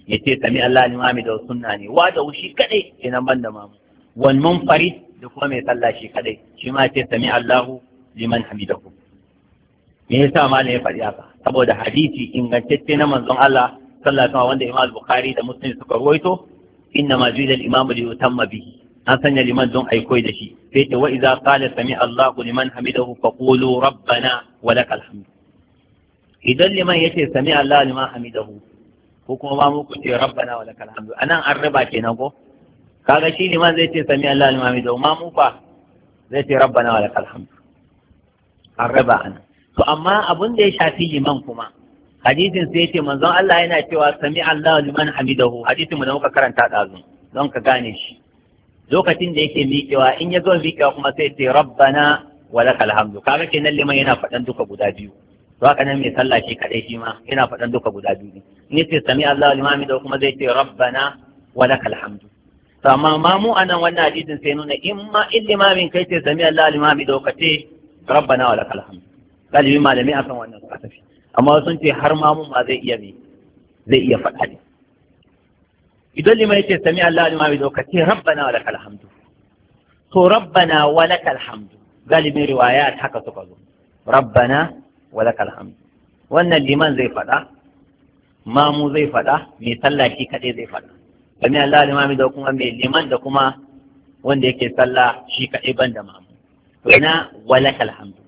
yace sami Allah liman hamidahu sunna ne wa da shi kadai kenan ban da mamu wal munfarid da kuma mai sallah shi kadai shi ma yace sami Allah liman hamidahu me yasa malam ya faɗi haka saboda hadisi ingantacce na manzon Allah sallallahu alaihi wasallam wanda Imam Bukhari da Muslim suka rawaito inna ma ju'ila al imam li yutamma bi an sanya liman don ai koi da shi sai ta wa idza qala sami Allah liman hamidahu faqulu rabbana wa lakal hamd idan liman yace sami Allah liman hamidahu ko kuma ma muku ce rabbana wa lakal hamd anan an raba kenan ko kaga shi liman zai ce sami Allah liman hamidahu ma mu fa zai ce rabbana wa lakal hamd an raba anan to amma abun da ya shafi liman kuma hadisin sai yace manzon Allah yana cewa sami Allah liman hamidahu hadisin mu da muka karanta dazu don ka gane shi lokacin da yake miƙewa in ya zo miƙewa kuma sai ce rabbana wa lakal hamdu kaga kenan liman yana faɗan duka guda biyu to haka nan mai sallah shi kadai shi ma yana faɗan duka guda biyu in ce sami Allah liman hamidahu kuma zai ce rabbana wa lakal hamdu to amma ma mu anan wannan hadisin sai nuna in ma in limamin kai ce sami Allah liman hamidahu ka ce rabbana wa lakal hamdu galibin malamai akan wannan suka tafi amma sun ce har ma mun ma zai iya me zai iya faɗa ne idan liman yake sami Allah da bai ka ce rabbana wa lakal hamdu to rabbana wa lakal hamdu galibin riwaya haka suka zo rabbana wa lakal hamdu wannan liman zai faɗa mamu zai faɗa mai sallah shi kaɗai zai faɗa sami Allah limami da kuma mai liman da kuma wanda yake sallah shi kaɗai ban da mamu to ina walakal hamdu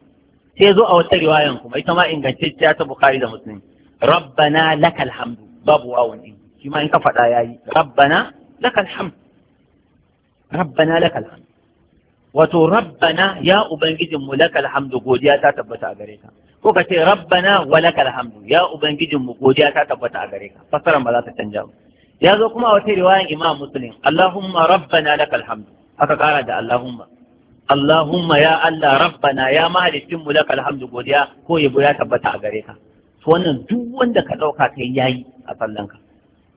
sai zo a wata riwayan kuma ita ma ingantacciya ta bukhari da muslim rabbana lakal hamdu babu wawun din shi ma in ka faɗa yayi rabbana lakal hamdu rabbana lakal hamdu wato rabbana ya ubangijin mu lakal hamdu godiya ta tabbata a gare ka ko ka ce rabbana wa lakal hamdu ya ubangijin mu godiya ta tabbata a gare ka fasaran ba za ta canja ba ya zo kuma a wata riwayan imam muslim allahumma rabbana lakal hamdu aka kara da allahumma Allahumma ya Allah rabbana ya mahalicin mu laka alhamdu godiya ko yabo ya tabbata a gare ka to wannan duk wanda ka dauka kai yayi a sallanka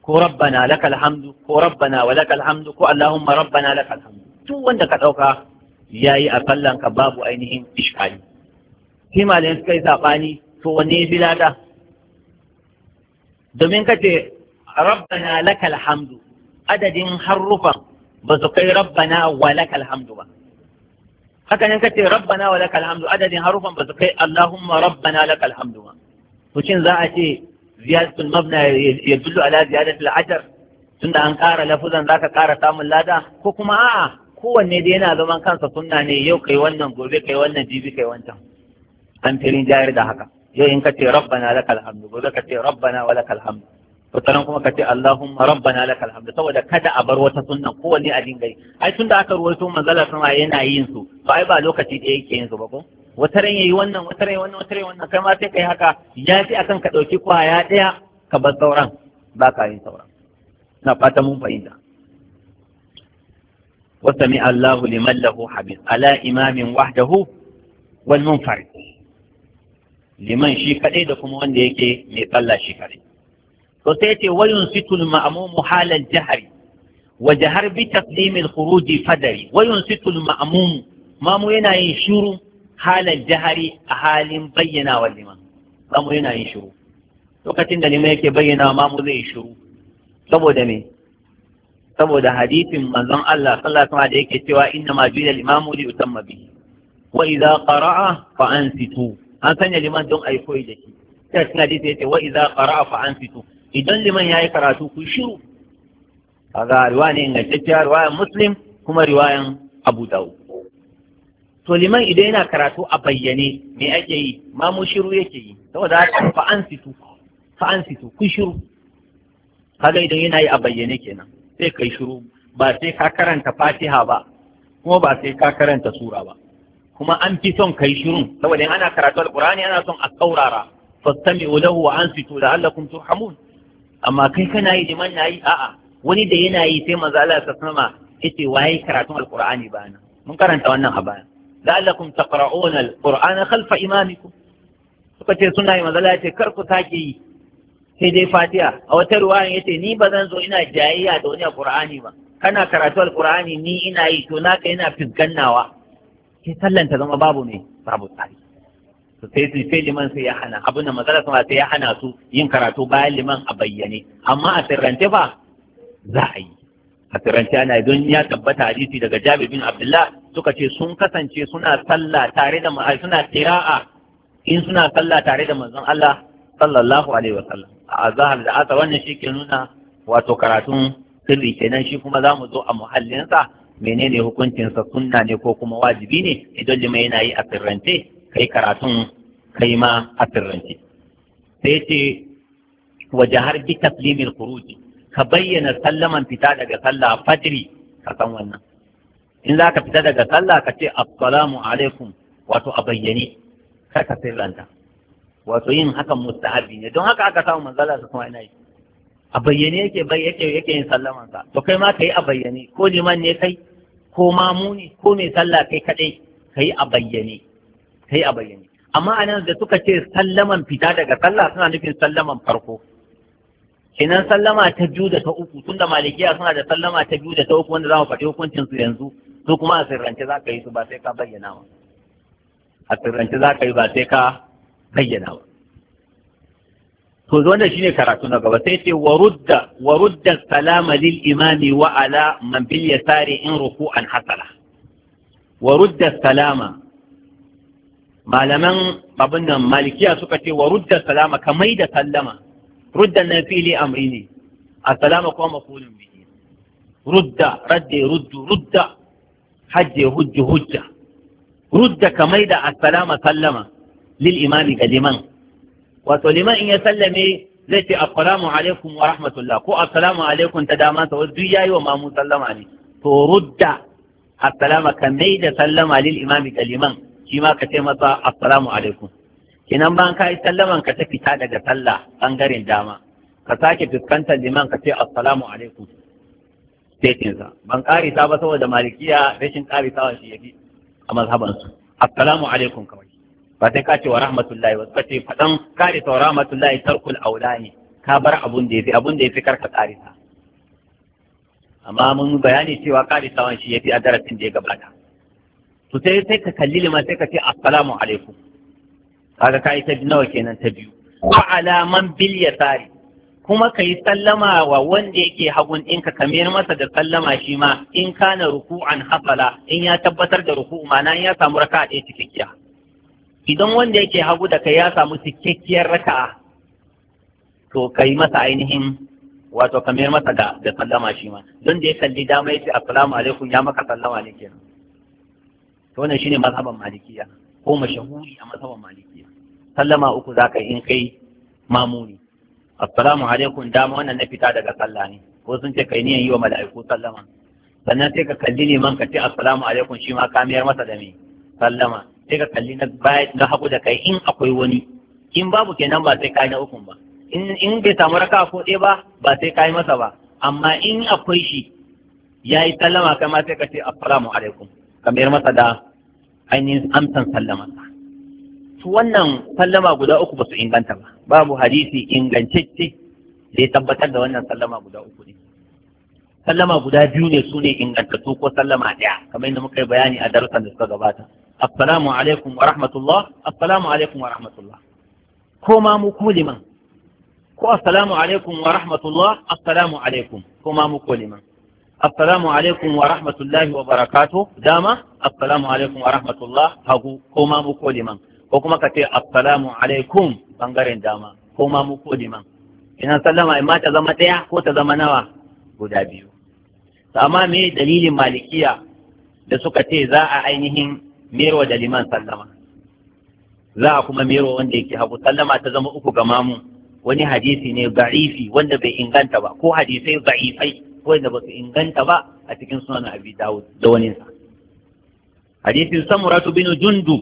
ko rabbana laka alhamdu ko rabbana wa laka alhamdu ko Allahumma rabbana laka alhamdu duk wanda ka dauka yayi a sallanka babu ainihin iskali sai malayin suka yi saɓani to wanne ya fi lada domin ka ce rabbana laka alhamdu adadin harufan ba su kai rabbana wa laka alhamdu ba haka ne kace rabbana wa lakal hamdu adadin harufan ba su kai allahumma rabbana lakal hamdu ba mutum za a ce ziyadatul mabna ya dullu ala ziyadatul ajr tunda an ƙara lafuzan zaka ƙara samun lada ko kuma a'a kowanne dai yana zaman kansa sunna ne yau kai wannan gobe kai wannan jibi kai wancan an filin jayar da haka yau in ka ce rabbana lakal hamdu gobe ka ce rabbana wa lakal hamdu wataran kuma ka ce Allahumma rabbana lakal hamdu saboda kada a bar wata sunna kowanne a dinga yi ai tunda aka ruwaito manzala sama yana yin su ba ai ba lokaci da yake yin su ba ko ran yayi wannan ran wannan ran wannan kai ma sai kai haka ya fi akan ka dauki kwaya daya ka bar sauran ba ka yin sauran na fata mun fahimta وسمع الله لمن له حبيب على إمام وحده والمنفرد لمن شيكا إيدكم وان ديكي نطلع شيكا إيدكم to sai ce wayun situl ma'amumu halal jahari wa jahar bi taslimil khuruji fadari wayun situl ma'amumu mamu yana yin shiru halal jahari a halin bayyana wa liman mamu yana yin shiru lokacin da liman yake bayyana mamu zai shiru saboda me saboda hadisin manzon Allah sallallahu alaihi wasallam da yake cewa inna ma jila limamu li yutamma bihi wa idza qara'a fa ansitu an sanya liman don ai koyi da shi sai cikin hadisi yace wa idza qara'a fa ansitu idan liman ya yi karatu ku shiru A ga riwaya ne ingantacciya riwayan muslim kuma riwayan abu dawo. to liman idan yana karatu a bayyane me ake yi ma mu shiru yake yi saboda haka fa an situ fa an situ ku shiru kaga idan yana yi a bayyane kenan sai kai shiru ba sai ka karanta fatiha ba kuma ba sai ka karanta sura ba kuma an fi son kai shiru. saboda ana karatu alqur'ani ana son a saurara fastami'u lahu wa ansitu la'allakum turhamun amma kai kana yi liman na yi a'a wani da yana yi sai manzo Allah ta sama yace waye karatun alqur'ani ba na? mun karanta wannan a baya la'allakum taqra'una alqur'ana khalfa imamikum suka ce suna yi manzo Allah yace kar ku take yi sai dai fatiha a wata ruwayan yace ni ba zan zo ina jayayya da wani alqur'ani ba kana karatu alqur'ani ni ina yi to naka yana fiskannawa sai sallan ta zama babu ne babu tsari sai su sai liman sai ya hana abin da matsala sama sai ya hana su yin karatu bayan liman a bayyane amma a sirrance ba za a yi a sirrance ana don ya tabbata hadisi daga jabi bin Abdullah suka ce sun kasance suna sallah tare da suna tira'a in suna sallah tare da manzon Allah sallallahu alaihi wasallam a zahar da asa wannan shi ke nuna wato karatun sirri kenan shi kuma za mu zo a muhallinsa menene hukuncinsa sunna ne ko kuma wajibi ne idan limai yana yi a sirrance kai karatun kai ma a sirrance sai ce wa har bi taslimin kuruji ka bayyana sallaman fita daga sallah fajiri ka san wannan in za ka fita daga sallah ka ce assalamu alaikum wato a bayyane kar ka sirranta wato yin hakan mustahabi ne don haka aka samu manzala su kuma ina yi a bayyane yake yake yake yin sallaman to kai ma kai a bayyane ko liman ne kai ko mamuni ko mai sallah kai kadai kai a bayyane sai a bayyane amma anan da suka ce sallaman fita daga sallah suna nufin sallaman farko kenan sallama ta biyu da ta uku tunda malikiya suna da sallama ta biyu da ta uku wanda za mu faɗi hukuncin su yanzu su kuma a sirrance za ka yi su ba sai ka bayyana ba a sirrance za ka yi ba sai ka bayyana ba to zo shine karatu na gaba sai ce warudda warudda salama lil imami wa ala man bil yasari in an hasala warudda salama malaman abin nan malikiya suka ce wa rudda salama ka mai da sallama rudda na fili amri ne a salama kuma mafulun bihi rudda radde ruddu rudda hajje hujju hujja rudda ka mai da assalama sallama lil imami ga liman wato liman in ya sallame zai ce assalamu alaikum wa rahmatullah ko assalamu alaikum ta dama sa duk yayi wa mamu sallama ne to rudda assalama ka mai da sallama lil imami ga liman shi ma ka ce masa assalamu alaikum Kinan ba ka yi sallaman ka ta fita daga sallah bangaren dama ka sake fuskantar liman ka ce assalamu alaikum tekinsa ban karisa ba saboda malikiya rashin wa shi yafi a mazhabansu assalamu alaikum kawai ba sai ka ce wa rahmatullahi wasu ka ce faɗan karisa wa rahmatullahi tarkul aula ne ka bar abun da yafi abun da yafi karka karisa amma mun bayani cewa wa shi yafi a darasin da ya gabata to sai sai ka kalli liman sai ka ce assalamu alaikum kaga kai ta nawa kenan ta biyu wa alaman bil yasari kuma ka yi sallama wa wanda yake hagun ɗinka ka mayar masa da sallama shi ma in kana ruku'an hasala in ya tabbatar da ruku'u ma in ya samu raka'a ɗaya cikakkiya idan wanda yake hagu da kai ya samu cikakkiyar raka'a to ka yi masa ainihin wato ka masa da sallama shi ma don da ya kalli dama ya ce assalamu alaikum ya maka sallama ne kenan to wannan shine mazhaban malikiya ko mashahuri a mazhaban malikiya sallama uku zaka in kai mamuni assalamu alaikum dama wannan na fita daga sallah ne ko sun ce kai niyan yi wa mala'iku sallama sannan sai ka kalli liman ka ce assalamu alaikum shi ma kamiyar masa da me sallama sai ka kalli na bayan na hagu da kai in akwai wani in babu kenan ba sai kai na ukun ba in bai samu raka ko ɗaya ba ba sai kai masa ba amma in akwai shi ya yi sallama kai ma sai ka ce assalamu alaikum kamar masa da ainihin amsan sallama su wannan sallama guda uku ba su inganta ba babu hadisi ingantacce da ya tabbatar da wannan sallama guda uku ne sallama guda biyu ne su ne ingantattu ko sallama ɗaya kamar yadda muka yi bayani a darussan da suka gabata assalamu alaikum wa rahmatullah assalamu alaikum wa rahmatullah ko ma mu ko liman ko assalamu alaikum wa rahmatullah assalamu alaikum ko ma mu ko liman assalamu alaikum wa rahmatullahi wa barakatu dama assalamu alaikum wa rahmatullah hagu ko ma mu ko liman ko kuma ka ce assalamu alaikum bangaren dama ko ma mu ko liman ina sallama imma ta zama ɗaya ko ta zama nawa guda biyu amma me dalilin malikiya da suka ce za a ainihin mero da liman sallama za a kuma mero wanda yake hagu sallama ta zama uku ga mamu wani hadisi ne ga'ifi wanda bai inganta ba ko hadisai ba'ifai wanda ba su inganta ba a cikin sunan abi dawud da wani sa hadisin tu bin jundu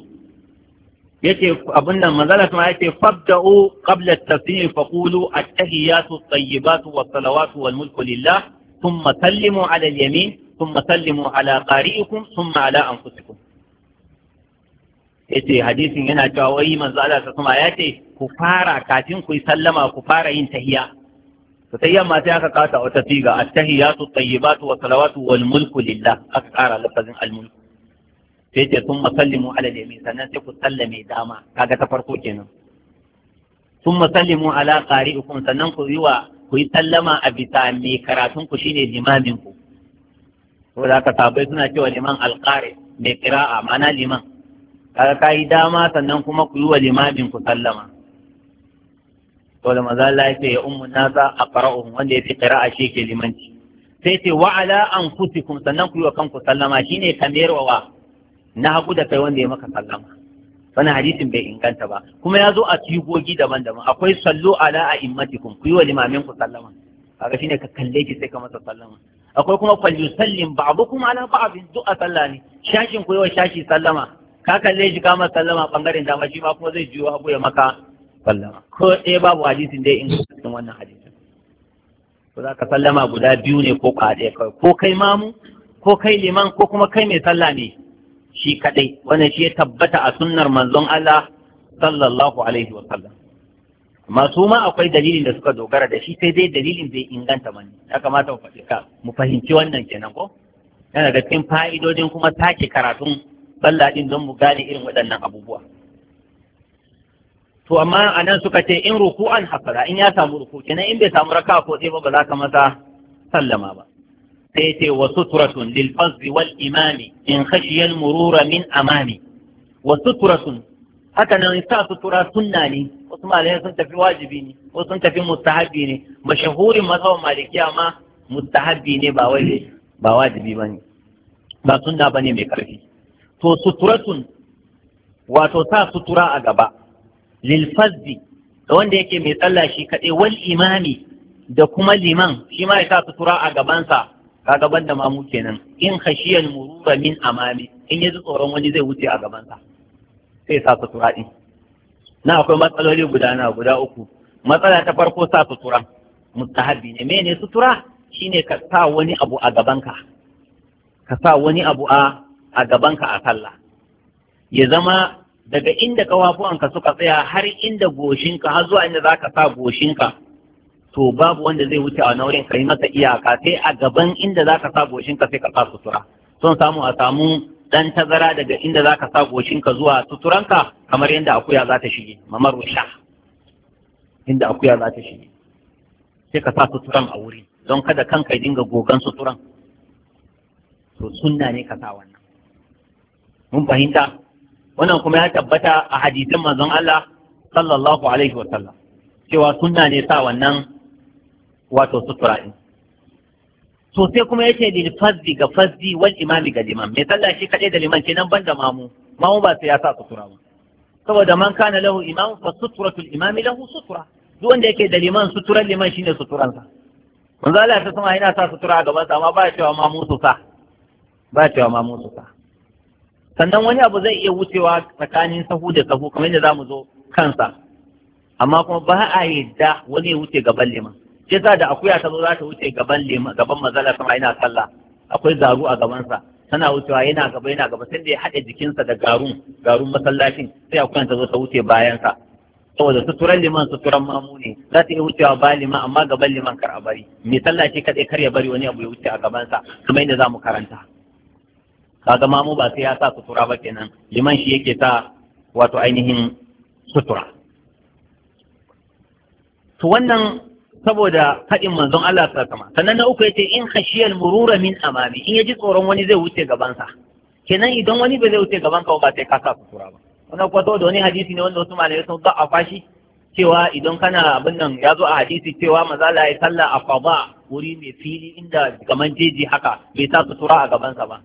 yace abin nan manzala kuma yace fabda'u qabla at fa qulu at-tahiyatu at-tayyibatu was-salawatu wal-mulku lillah thumma sallimu 'ala al-yamin thumma sallimu 'ala qari'ikum thumma 'ala anfusikum yace hadisin yana cewa wai manzo ta kuma yace ku fara kafin ku yi sallama ku fara yin tahiya to sai yamma sai aka kasa wata siga at-tahiyatu tayyibatu wa salawatu wal mulku lillah aka kara lafazin al mulk sai ce sun sallimu ala yamin sannan sai ku sallame dama kaga ta farko kenan sun sallimu ala qari'ikum sannan ku yiwa ku yi sallama a bisa mai karatun ku shine limamin ku ko da ka sabai suna cewa liman al-qari mai qira'a ma'ana liman kaga kai dama sannan kuma ku yiwa wa limamin ku sallama to da maza Allah yake ya ummu nasa aqra'uhum wanda yake qira'a shi ke limanci sai ce wa ala anfusikum sannan ku yi wa kanku sallama shine kamerwa wa na haku da kai wanda ya maka sallama wannan hadisin bai inganta ba kuma ya zo a sigogi daban-daban akwai sallu ala a immatikum ku yi wa limamin ku sallama kaga shine ka kalle ki sai ka masa sallama akwai kuma falyu sallim ba'dukum ala ba'din du'a sallani shashin ku yi wa shashi sallama ka kalle shi ka masa sallama bangaren dama shi ma kuma zai juyo abu ya maka sallama ko ɗaya babu hadisin dai in cikin wannan hadisin ko za ka sallama guda biyu ne ko kwa ɗaya kawai ko kai mamu ko kai liman ko kuma kai mai sallah ne shi kaɗai wannan shi ya tabbata a sunnar manzon Allah sallallahu alaihi wa sallam masu ma akwai dalilin da suka dogara da shi sai dai dalilin zai inganta mani ya kamata mu fahimci wannan kenan ko yana da cikin fa'idodin kuma sake karatun sallah din don mu gane irin waɗannan abubuwa to amma a nan suka ce in ruku'an hasara in ya samu ruku kenan in bai samu raka ko sai ba za ka masa sallama ba sai ce wa suturatun lil fazzi wal imami in khashiya murura min amami wa suturatun haka nan sa sutura sunna ne wasu malamai sun tafi wajibi ne wasu sun tafi mustahabi ne mashahurin mazhaban malikiya ma mustahabi ne ba wai ba wajibi bane ba sunna bane mai karfi to suturatun wato sa sutura a gaba lilfazzi da wanda yake mai tsalla shi kaɗai wal imami da kuma liman shi ma ya sa sutura a gabansa ka gaban da mamu kenan in khashiyal muruba min amami in ya tsoron wani zai wuce a gabansa sai sa sutura din na akwai matsaloli guda na guda uku matsala ta farko sa sutura mustahabi ne mene sutura shine ka sa wani abu a gabanka ka sa wani abu a a gabanka a sallah ya zama daga inda kawafuwanka suka tsaya har inda goshinka har zuwa inda za ka sa goshinka to babu wanda zai wuce a nauyin ka yi masa iyaka sai a gaban inda za ka sa goshinka sai ka sa sutura son samu a samu dan tazara daga inda za ka sa goshinka zuwa suturanka kamar yadda akuya za ta shige mamar wusha inda akuya za ta shige sai ka sa suturan a wuri don kada kanka ya dinga gogan suturan to sunna ne ka sa wannan mun fahimta wannan kuma ya tabbata a hadisan manzon Allah sallallahu alaihi wa sallam cewa sunna ne sa wannan wato sutura din to sai kuma yake lil fazzi ga fazzi wal imami ga liman mai sallah shi kadai da liman kenan banda mamu mamu ba sai ya sa sutura ba saboda man kana lahu imam fa suturatul imami lahu sutura duk wanda yake da liman suturan liman shine suturansa manzo Allah ya sama yana sa sutura a gaban sa amma ba ya cewa mamu su sa ba ya cewa mamu su sa sannan wani abu zai iya wucewa tsakanin sahu da sahu kamar yadda za mu zo kansa amma kuma ba a yadda wani ya wuce gaban liman shi yasa da akuya ta zo za ta wuce gaban liman gaban mazala sama yana sallah akwai garu a gabansa tana wucewa yana gaba yana gaba sai da ya haɗa jikinsa da garun garun masallacin sai akuya ta zo ta wuce bayansa saboda suturan liman suturan mamu ne za ta iya wucewa ba liman amma gaban liman kar a bari mai sallah shi kaɗai kar ya bari wani abu ya wuce a gabansa kamar yadda za mu karanta. kaga ma mu ba sai ya sa sutura ba kenan liman shi yake sa wato ainihin sutura to wannan saboda haɗin manzon Allah ta sama sannan na uku yace in khashiyal murura min amami in yaji tsoron wani zai wuce gabansa kenan idan wani ba zai wuce gaban ka ba sai ka sa sutura ba wannan kuwa saboda wani hadisi ne wanda wasu malamai sun ga a fashi cewa idan kana abin nan ya zo a hadisi cewa maza la ya salla a faba wuri mai fili inda kaman jeji haka bai sa sutura a gabansa ba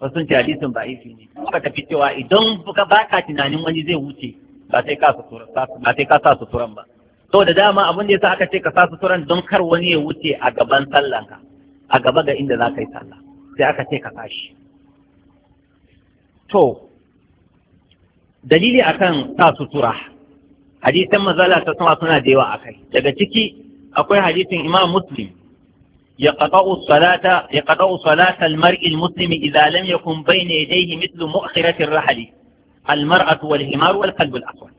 wasu ce hadisin ba aiki ne ka tafi cewa idan ka baka tunanin wani zai wuce ba sai ka sa suturan ba to da dama abin da yasa aka ce ka sa suturan don kar wani ya wuce a gaban sallanka a gaba ga inda za ka yi sallah sai aka ce ka sa shi to dalili akan sa sutura hadisan mazala ta sama suna da yawa akai daga ciki akwai hadisin imam muslim يقطع الصلاة يقطع صلاة المرء المسلم إذا لم يكن بين يديه مثل مؤخرة الرحل المرأة والهمار والقلب الأسود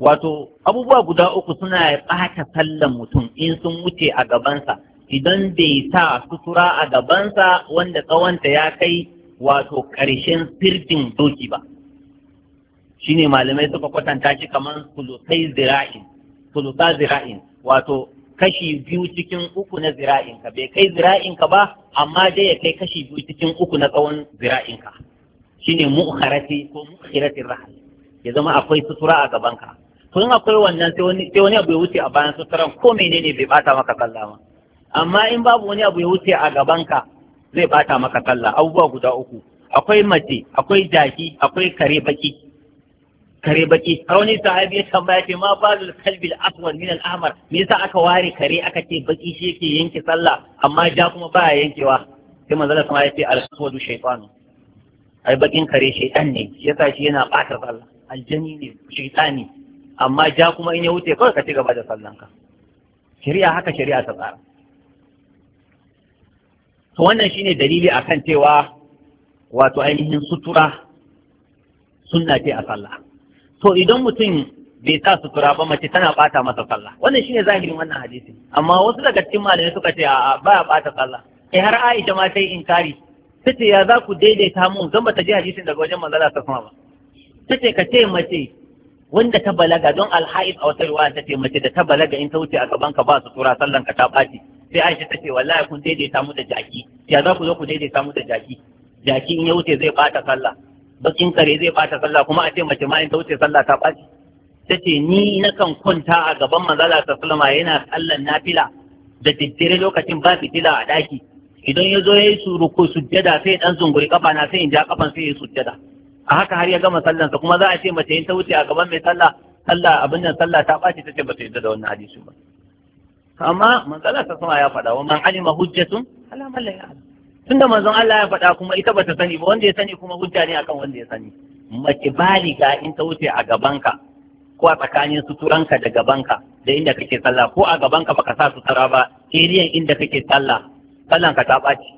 wato abubuwa guda uku suna ɓata sallan mutum in sun wuce a gabansa idan bai sa sutura a gabansa wanda tsawonta ya kai wato ƙarshen sirdin doki ba shine malamai suka kwatanta shi kamar sulusai zira'in sulusa zira'in wato kashi biyu cikin uku na zira'inka bai kai zira'inka ba amma dai ya kai kashi biyu cikin uku na tsawon zira'inka shine mu'kharati ko mu'khiratir rahal ya zama akwai sutura a gabanka to akwai wannan sai wani sai wani abu ya wuce a bayan suturan ko menene bai bata maka sallah ba amma in babu wani abu ya wuce a gabanka zai bata maka sallah abubuwa guda uku akwai mace akwai jaki akwai kare baki kare baki har wani sahabi ya tambaya ce ma balul kalbil aswad min al'amar me yasa aka ware kare aka ce baki shi yake yanke sallah amma ja kuma ba ya yankewa sai manzala sama ya ce al du shaytanu ai bakin kare shaytan ne yasa shi yana bata sallah aljani ne shaytani amma ja kuma in ya wuce kawai ka ci gaba da sallanka shari'a haka shari'a ta tsara to wannan shine dalili akan cewa wato ainihin sutura sunna ce a sallah to idan mutum bai sa sutura ba mace tana bata masa sallah wannan shine zahirin wannan hadisi amma wasu daga cikin malamai suka ce a baya bata sallah eh har Aisha ma ta yi inkari tace ya za ku daidaita mu zan ba ta ji hadisin daga wajen manzo Allah sallallahu alaihi tace ka ce mace wanda ta balaga don alha'id a wata riwaya tace mace da ta balaga in ta wuce a gaban ka ba sutura sallan ka ta baci sai Aisha tace wallahi kun daidaita mu da jaki ya za ku zo ku daidaita mu da jaki jaki in ya wuce zai bata sallah bakin kare zai bata sallah kuma a ce mace ma in ta wuce sallah ta ɓaci ta ce ni na kan kwanta a gaban manzala ta sallama yana sallan nafila da daddare lokacin ba fitila a daki. idan ya zo ya yi suruku sujjada sai dan zunguri kafa na sai in ja kafan sai ya sujjada a haka har ya gama sallansa kuma za a ce mace in ta wuce a gaban mai sallah sallah abin nan sallah ta ɓaci ta ce ba ta yadda da wannan hadisi ba amma manzala ta sama ya faɗa wa man alima hujjatun alamalla ya alam tunda manzon Allah ya faɗa kuma ita bata sani ba wanda ya sani kuma hujja ne akan wanda ya sani mace baliga in ta wuce a gabanka ko a tsakanin suturanka da gabanka da inda kake sallah ko a gabanka baka sa sutura ba eriyan inda kake sallah sallan ka ta ɓaci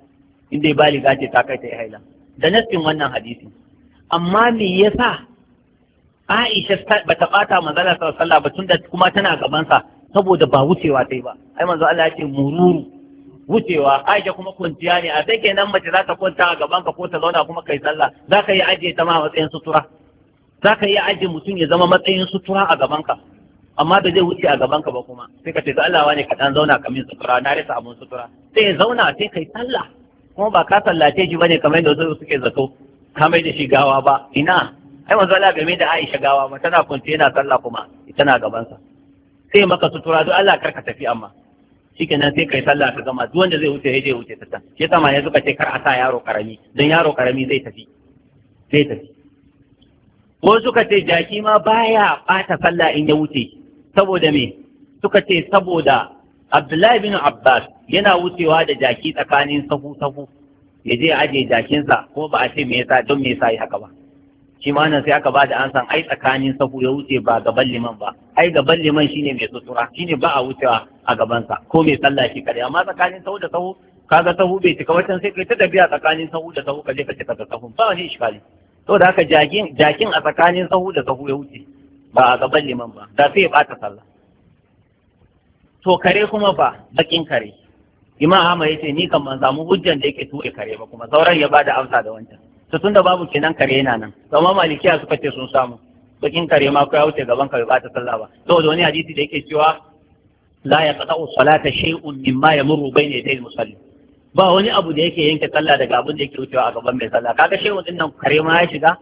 Inda ya baliga ce ta kai ta haila da nassin wannan hadisi amma me yasa Aisha bata ta ɓata manzala sallallahu alaihi wasallam ba tunda kuma tana gabansa saboda ba wucewa ta yi ba ai manzo Allah ya ce mururu wucewa aisha kuma kwanciya ne a take nan mace za ta kwanta a gaban ka ko ta zauna kuma kai sallah za ka yi ajiye ta ma a matsayin sutura za ka yi ajiye mutum ya zama matsayin sutura a gaban ka amma da zai wuce a gaban ka ba kuma sai ka ce ga Allah ne ka dan zauna kamin sutura na rasa abun sutura sai ya zauna sai kai sallah kuma ba ka sallace shi bane kamar yadda wasu suke zato ka mai da shi gawa ba ina ai manzo Allah bai mai da Aisha gawa ba tana kwanciya na sallah kuma tana gaban sa sai maka sutura duk Allah kar ka tafi amma nan sai kai sallah ka gama duk wanda zai wuce sai wuce ta can ya suka ce kar a sa yaro karami dan yaro karami zai tafi zai tafi ko suka ce jaki ma baya bata sallah in ya wuce saboda me suka ce saboda Abdullahi bin Abbas yana wucewa da jaki tsakanin sahu sahu ya je aje jakinsa ko ba a ce me yasa don me yasa yi haka ba shi ma nan sai aka ba da ansan ai tsakanin sahu ya wuce ba gaban liman ba ai gaban liman shine mai sutura shine ba a wucewa a gabansa ko mai sallah shi kare amma tsakanin sahu da sahu kaga sahu bai cika wancan sai kai ta tafiya tsakanin sahu da sahu kaje ka cika sahu ba wani iskali da haka jakin jakin a tsakanin sahu da sahu ya wuce ba a gaban liman ba da sai ya bata sallah to kare kuma ba bakin kare imam ahmad yace ni kan ban samu hujjan da yake tuwe kare ba kuma sauran ya bada amsa da wancan to tunda babu kenan kare yana nan amma malikiya suka ce sun samu bakin kare ma ko ya wuce gaban ka ba ta sallah ba da wani hadisi da yake cewa la yaqta'u salata shay'un mimma yamurru bayna yaday al-musalli ba wani abu da yake yanke sallah daga abin da yake wucewa a gaban mai sallah kaga shehun din nan kare ma ya shiga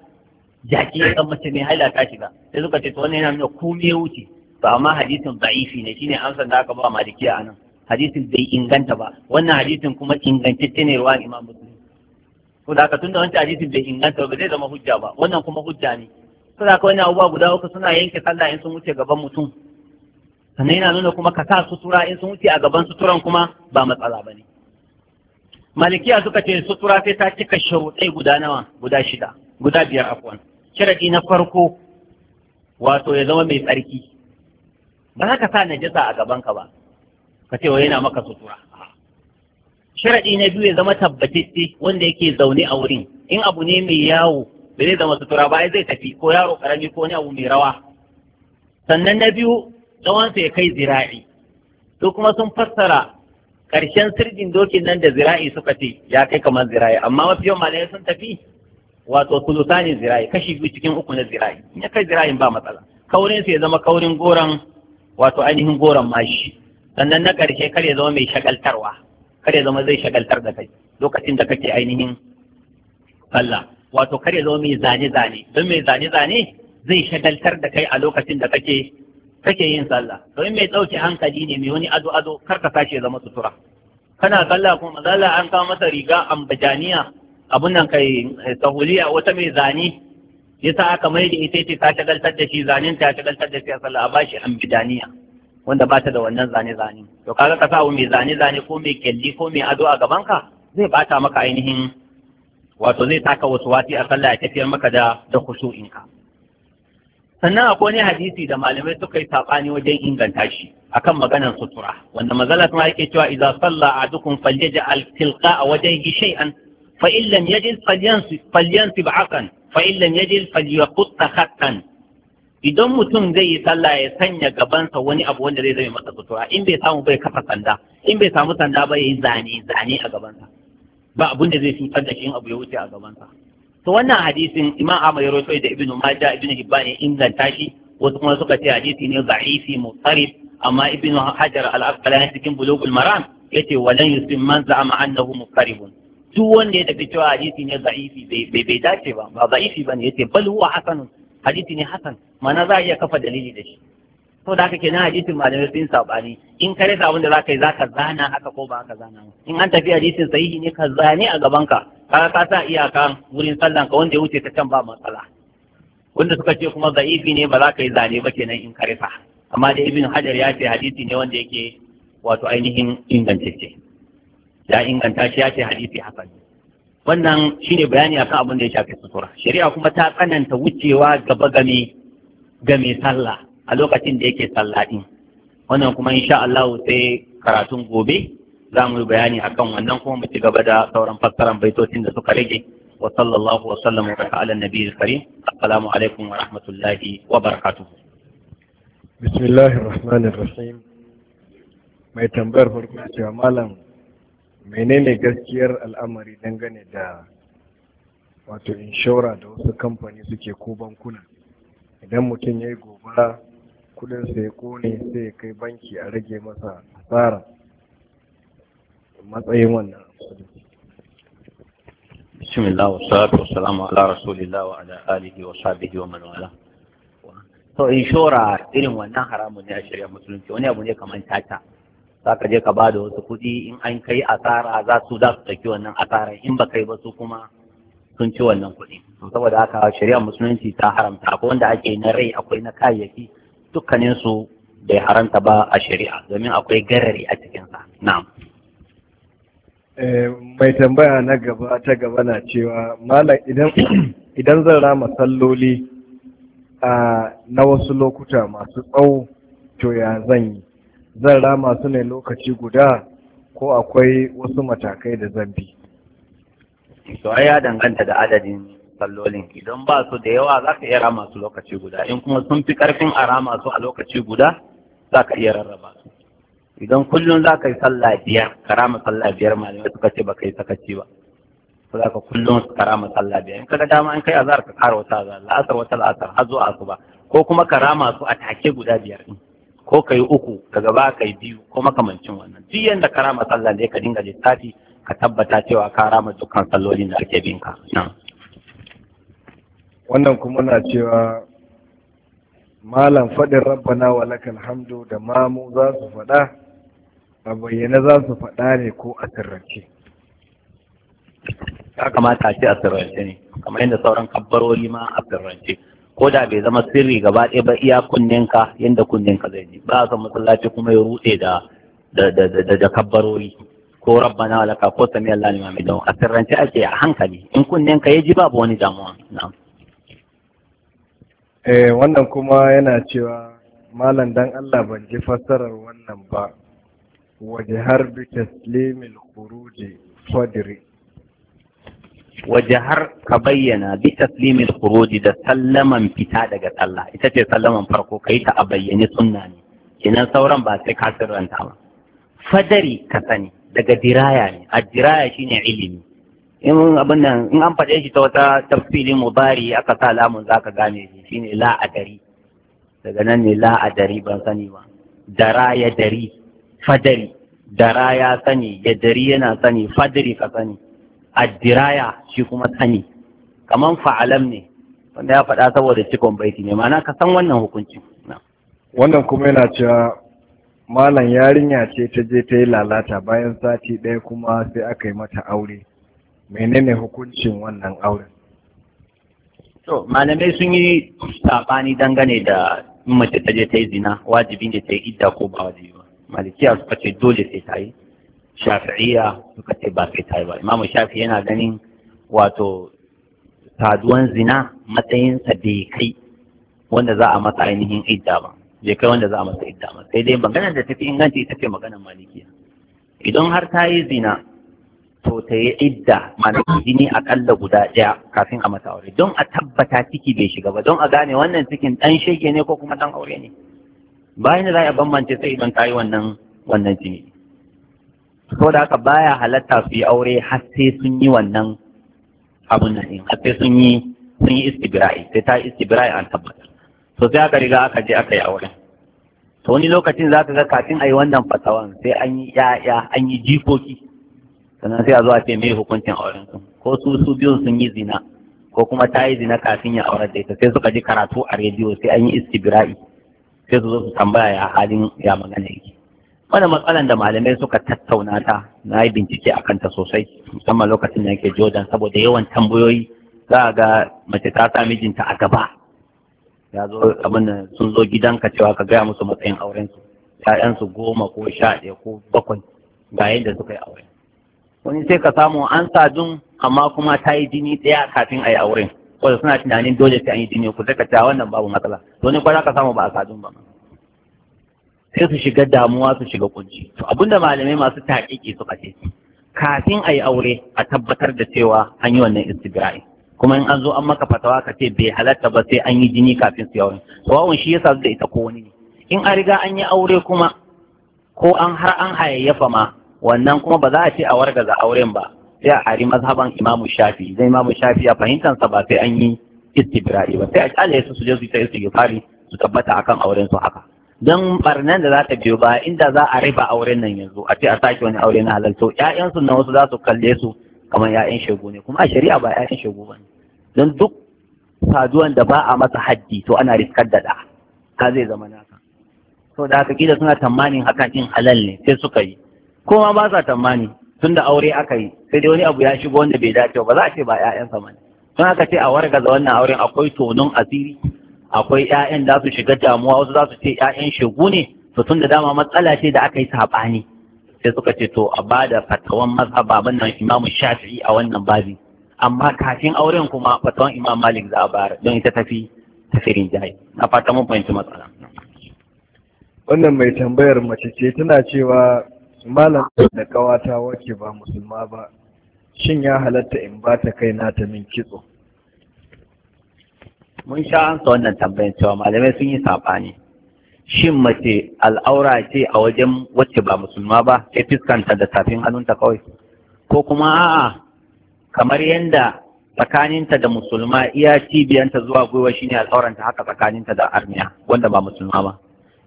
jaki ya san mace mai haila ta shiga sai suka ce to wannan yana nuna ku ya wuce to amma hadisin da'ifi ne shine san da aka ba a nan. hadisin bai inganta ba wannan hadisin kuma ingantacce ne ruwan imam muslim ko da ka tunda wancan hadisin bai inganta ba zai zama hujja ba wannan kuma hujja ne suna kawai na abubuwa guda uku suna yanke sallah in sun wuce gaban mutum sannan yana nuna kuma ka sa sutura in sun wuce a gaban suturan kuma ba matsala ba ne malikiya suka ce sutura sai ta cika sharuɗai guda nawa guda shida guda biyar afuwan sharaɗi na farko wato ya zama mai tsarki ba za ka sa najasa a gaban ka ba ka ce wa yana maka sutura sharaɗi na biyu ya zama tabbatacce wanda yake zaune a wurin in abu ne mai yawo da zai zama sutura ba zai tafi ko yaro karami ko wani abu mai rawa sannan na biyu tsawonsa ya kai zira'i su kuma sun fassara ƙarshen sirgin dokin nan da zira'i suka ce ya kai kamar zira'i amma mafi yawan malamai sun tafi wato kulusa ne zira'i kashi biyu cikin uku na zira'i in ya kai zira'in ba matsala kaurin ya zama kaurin goron wato ainihin goron mashi sannan na ƙarshe kar ya zama mai shagaltarwa kar ya zama zai shagaltar da kai lokacin da kake ainihin sallah wato kar ya zama mai zane-zane don mai zane-zane zai shagaltar da kai a lokacin da kake kake yin sallah in mai dauke hankali ne mai wani ado-ado kar ka sace zama sutura kana sallah kuma mazalla an kawo masa riga ambajaniya abun nan kai tahuliya eh, wata mai zane yasa aka mai da ita ce ta shagaltar da shi zanen ta shagaltar da shi a sallah a bashi ambajaniya wanda ba ta da wannan zane-zane to kaga ka sa mai zane-zane ko mai kyalli ko mai ado a gaban ka, zai bata maka ainihin wato zai taka wasu wati a sallah ya tafiyar maka da da ka. sannan akwai wani hadisi da malamai suka yi sabani wajen inganta shi akan maganar sutura wanda mazala kuma yake cewa idza salla ahadukum falyaj'al tilqa wajhihi shay'an fa in lam yajid falyansib falyansib fa in lam yajid khattan idan mutum zai yi sallah ya sanya gabansa wani abu wanda zai zama masa sutura in bai samu bai kafa sanda in bai samu sanda ba yi zane zane a gabansa ba abin da zai cutar da shi in abu ya wuce a gabansa to wannan hadisin imam Ahmad ya rawaito da ibnu Majah ibnu Hibban ya inganta shi wasu kuma suka ce hadisi ne da'ifi mutarif amma ibnu Hajar al-Asqalani cikin Bulughul Maram yace walan yusim man za'ama annahu mutarifun duk wanda ya tafi cewa hadisi ne da'ifi bai bai dace ba ba da'ifi bane yace bal huwa hasanun hadisi ne hasan mana za a iya kafa dalili da shi ko da haka na hadisin malamai sun sabani in ka rasa abin da zaka yi zaka zana haka ko ba haka zana in an tafi hadisin sahihi ne ka zane a gaban ka ka ka sa iyaka wurin sallan ka wanda ya wuce ta can ba matsala wanda suka ce kuma za'ifi ne ba za ka yi zane ba kenan in ka rasa amma da ibn hajar ya ce hadisi ne wanda yake wato ainihin ingantacce ya inganta shi ya ce hadisi haka ne wannan shine bayani akan abin da ya shafi sutura shari'a kuma ta tsananta wucewa gaba game game sallah a lokacin da yake sallah din wannan kuma insha Allah sai karatun gobe za mu yi bayani akan wannan kuma mu ci gaba da sauran fassaran baitocin da suka rage wa sallallahu wa sallam wa ala nabiyil karim assalamu alaikum wa rahmatullahi wa barakatuh bismillahir rahmanir rahim mai tambayar farko cewa malam menene gaskiyar al'amari dangane da wato inshora da wasu kamfani suke ko bankuna idan mutum ya yi gobara kudin sai kone sai kai banki a rage masa tsara matsayin wannan bismillah wa salatu wa salamu ala rasulillah wa ala alihi wa sahbihi wa man wala to inshora irin wannan haramun ne a shari'a musulunci wani abu ne kamar tata za ka je ka ba da wasu kudi in an kai asara za su za su ɗauki wannan asara in ba kai ba su kuma sun ci wannan kuɗi saboda haka shari'a musulunci ta haramta ko wanda ake na rai akwai na kayayyaki dukkaninsu bai haranta ba a shari'a domin akwai garari a cikinsa na'am eh, mai tambaya na gaba ta gaba na cewa malam idan zan rama salloli a na wasu lokuta masu tsawo to ya zan yi zan rama su ne lokaci guda ko akwai wasu matakai da zan bi to ya danganta da adadin sallolin idan ba su da yawa za ka iya rama su lokaci guda in kuma sun fi karfin a rama su a lokaci guda za ka iya rarraba su idan kullum za ka yi sallah biyar ka rama sallah biyar malamai suka ce ba ka yi sakaci ba su za ka kullum su ka rama sallah biyar in ka ga dama in kai azhar ka kara wata azhar la'asar wata la'asar har zuwa asuba ko kuma ka rama su a take guda biyar din ko ka yi uku ka gaba ka yi biyu ko makamancin wannan duk yanda ka rama sallah ne ka dinga lissafi ka tabbata cewa ka rama dukkan sallolin da ake bin ka wannan kuma na cewa malam faɗin rabbana wa lakal hamdu da mamu za su faɗa a bayyana za su faɗa ne ko a sirrance ya kamata a ce a sirrance ne kamar yadda sauran kabbaroli ma a sirrance ko da bai zama sirri gaba ɗaya ba iya kunninka yadda kunninka zai ji ba a san masallaci kuma ya rute da da ko rabbana wa laka ko sami Allah liman mai a sirrance ake a hankali in kunninka ya ji babu wani damuwa na'am eh wannan kuma yana cewa malam dan Allah ban ji fassarar wannan ba waje har bi taslimil khuruji fadri waje har ka bayyana bi taslimil khuruji da sallaman fita daga sallah ita ce sallaman farko kai ta a bayyane sunna ne kenan sauran ba sai ka sirranta ba fadari ka sani daga diraya ne a diraya shine ilimi in abin nan in an faɗe shi ta wata tafsirin mubari aka sa lamun za ka gane shi shine la adari daga nan ne la adari ban sani ba dara ya dari fadari dara ya sani ya dari yana sani fadari ka sani addiraya shi kuma sani kaman fa'alam ne wanda ya faɗa saboda cikon baiti ne ma'ana ka san wannan hukuncin wannan kuma yana cewa malam yarinya ce ta je ta yi lalata bayan sati ɗaya kuma sai aka yi mata aure menene hukuncin wannan auren to malamai sun yi sabani dangane da in mace ta je ta yi zina wajibi ne ta yi idda ko ba wajibi ba malikiya suka ce dole sai ta yi shafi'iya suka ce ba sai ta yi ba imamu shafi yana ganin wato saduwan zina matsayinsa ya kai wanda za a masa ainihin idda ba bai kai wanda za a masa idda ba sai dai maganar da ta fi inganci ita ce maganar malikiya idan har ta yi zina to ta yi idda mana jini akalla guda ɗaya kafin a mata aure don a tabbata ciki bai shiga ba don a gane wannan cikin ɗan shege ne ko kuma ɗan aure ne bayan da za a bambance sai idan ta yi wannan wannan jini da haka baya halatta su yi aure har sai sun yi wannan abun nan ɗin har sai sun yi sun yi istibra'i sai ta yi istibra'i an tabbata to sai aka riga aka je aka yi auren to wani lokacin za ka ga kafin a yi wannan fatawan sai an yi ya'ya an yi jikoki sannan sai a zo a ce mai hukuncin auren su ko su su biyun sun yi zina ko kuma ta yi zina kafin ya aurar da ita sai suka ji karatu a rediyo sai an yi istibra'i sai su zo su tambaya ya halin ya magana yake wannan matsalan da malamai suka tattauna ta na yi bincike a kanta sosai musamman lokacin da yake jordan saboda yawan tambayoyi za a ga mace ta sa mijinta a gaba ya zo abin sun zo gidanka cewa ka gaya musu matsayin aurensu 'ya'yansu goma ko sha ɗaya ko bakwai ga yadda suka yi auren wani sai ka samu an sadun amma kuma ta yi jini ɗaya kafin a yi aure. wanda suna tunanin dole sai an yi jini ku zaka ta wannan babu matsala to ne kwana ka samu ba a sadun ba sai su shiga damuwa su shiga kunci to abinda malamai masu taƙiƙi suka ce kafin a yi aure a tabbatar da cewa an yi wannan istibra'i kuma in an zo an maka fatawa ka ce bai halatta ba sai an yi jini kafin su yawon wawan shi yasa sadu da ita ko wani ne in an riga an yi aure kuma ko an har an hayayyafa ma wannan kuma ba za a ce a wargaza auren ba sai a hari mazhaban imamu shafi zai imamu shafi a fahimtansa ba sai an yi istibrari ba sai a kyale su su je su ta fari su tabbata akan auren su haka don barnan da za ta biyo ba inda za a riba auren nan yanzu a ce a sake wani aure na halal to su na wasu za su kalle su kamar ƴaƴan shegu ne kuma a shari'a ba ƴaƴan shegu ba dan duk saduwan da ba a masa haddi to ana riskar da da ka zai zama naka to da haka kila suna tamanin hakan in halal ne sai suka yi ko ma ba sa tammani tun da aure aka yi sai dai wani abu ya shigo wanda bai dace ba za a ce ba ƴaƴansa ba ne tun aka ce a wargaza wannan auren akwai tonon asiri akwai ƴaƴan da su shiga damuwa wasu za su ce ƴaƴan shegu ne to tun da dama matsala ce da aka yi saɓani sai suka ce to a ba da fatawan mazhaba nan imamu shafi'i a wannan babi amma kafin auren kuma fatawan imam malik za a bayar don ita tafi tafirin jahi na fata mun fahimci matsala wannan mai tambayar mace ce tana cewa malam da kawata wake ba musulma ba shin ya halatta in ba ta kai ta min kitso mun sha ansa wannan tambayin cewa malamai sun yi saɓani shin mace al'aura ce a wajen wacce ba musulma ba sai fiskanta da tafin hannunta kawai ko kuma a'a kamar yadda tsakaninta da musulma iya cibiyanta zuwa gwiwa shine al'auranta haka tsakaninta da armiya wanda ba musulma ba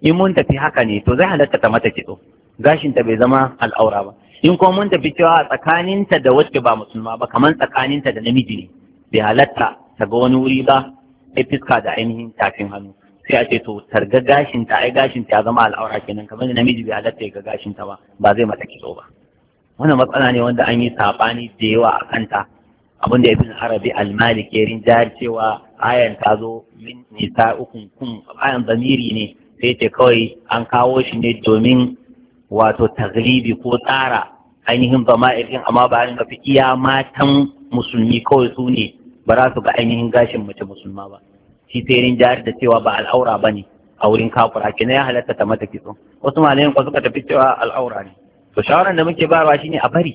in mun tafi haka ne to zai halatta ta mata kitso gashinta bai zama al'aura ba in kuma mun tafi cewa tsakaninta da wacce ba musulma ba kamar tsakaninta da namiji ne bai halatta ta ga wani wuri ba ai fiska da ainihin tafin hannu sai a ce to targa gashinta ai gashinta ya zama al'aura kenan kamar da namiji bai halatta ya ga gashinta ba ba zai mata kitso ba wannan matsala ne wanda an yi saɓani da yawa a kanta abin da ibn arabi al-malik ya cewa ayan ta zo min nisa ukun kun ayan zamiri ne sai ce kawai an kawo shi ne domin wato taglibi ko tsara ainihin ba ma'aikin amma ba rinka fi iya matan musulmi kawai su ne ba za su ga ainihin gashin mace musulma ba shi sai rin jihar da cewa ba al'aura ba ne a wurin kafura kenan ya halatta ta mata kitso wasu malayin kwa suka tafi cewa al'aura ne to shawaran da muke bayarwa shine a bari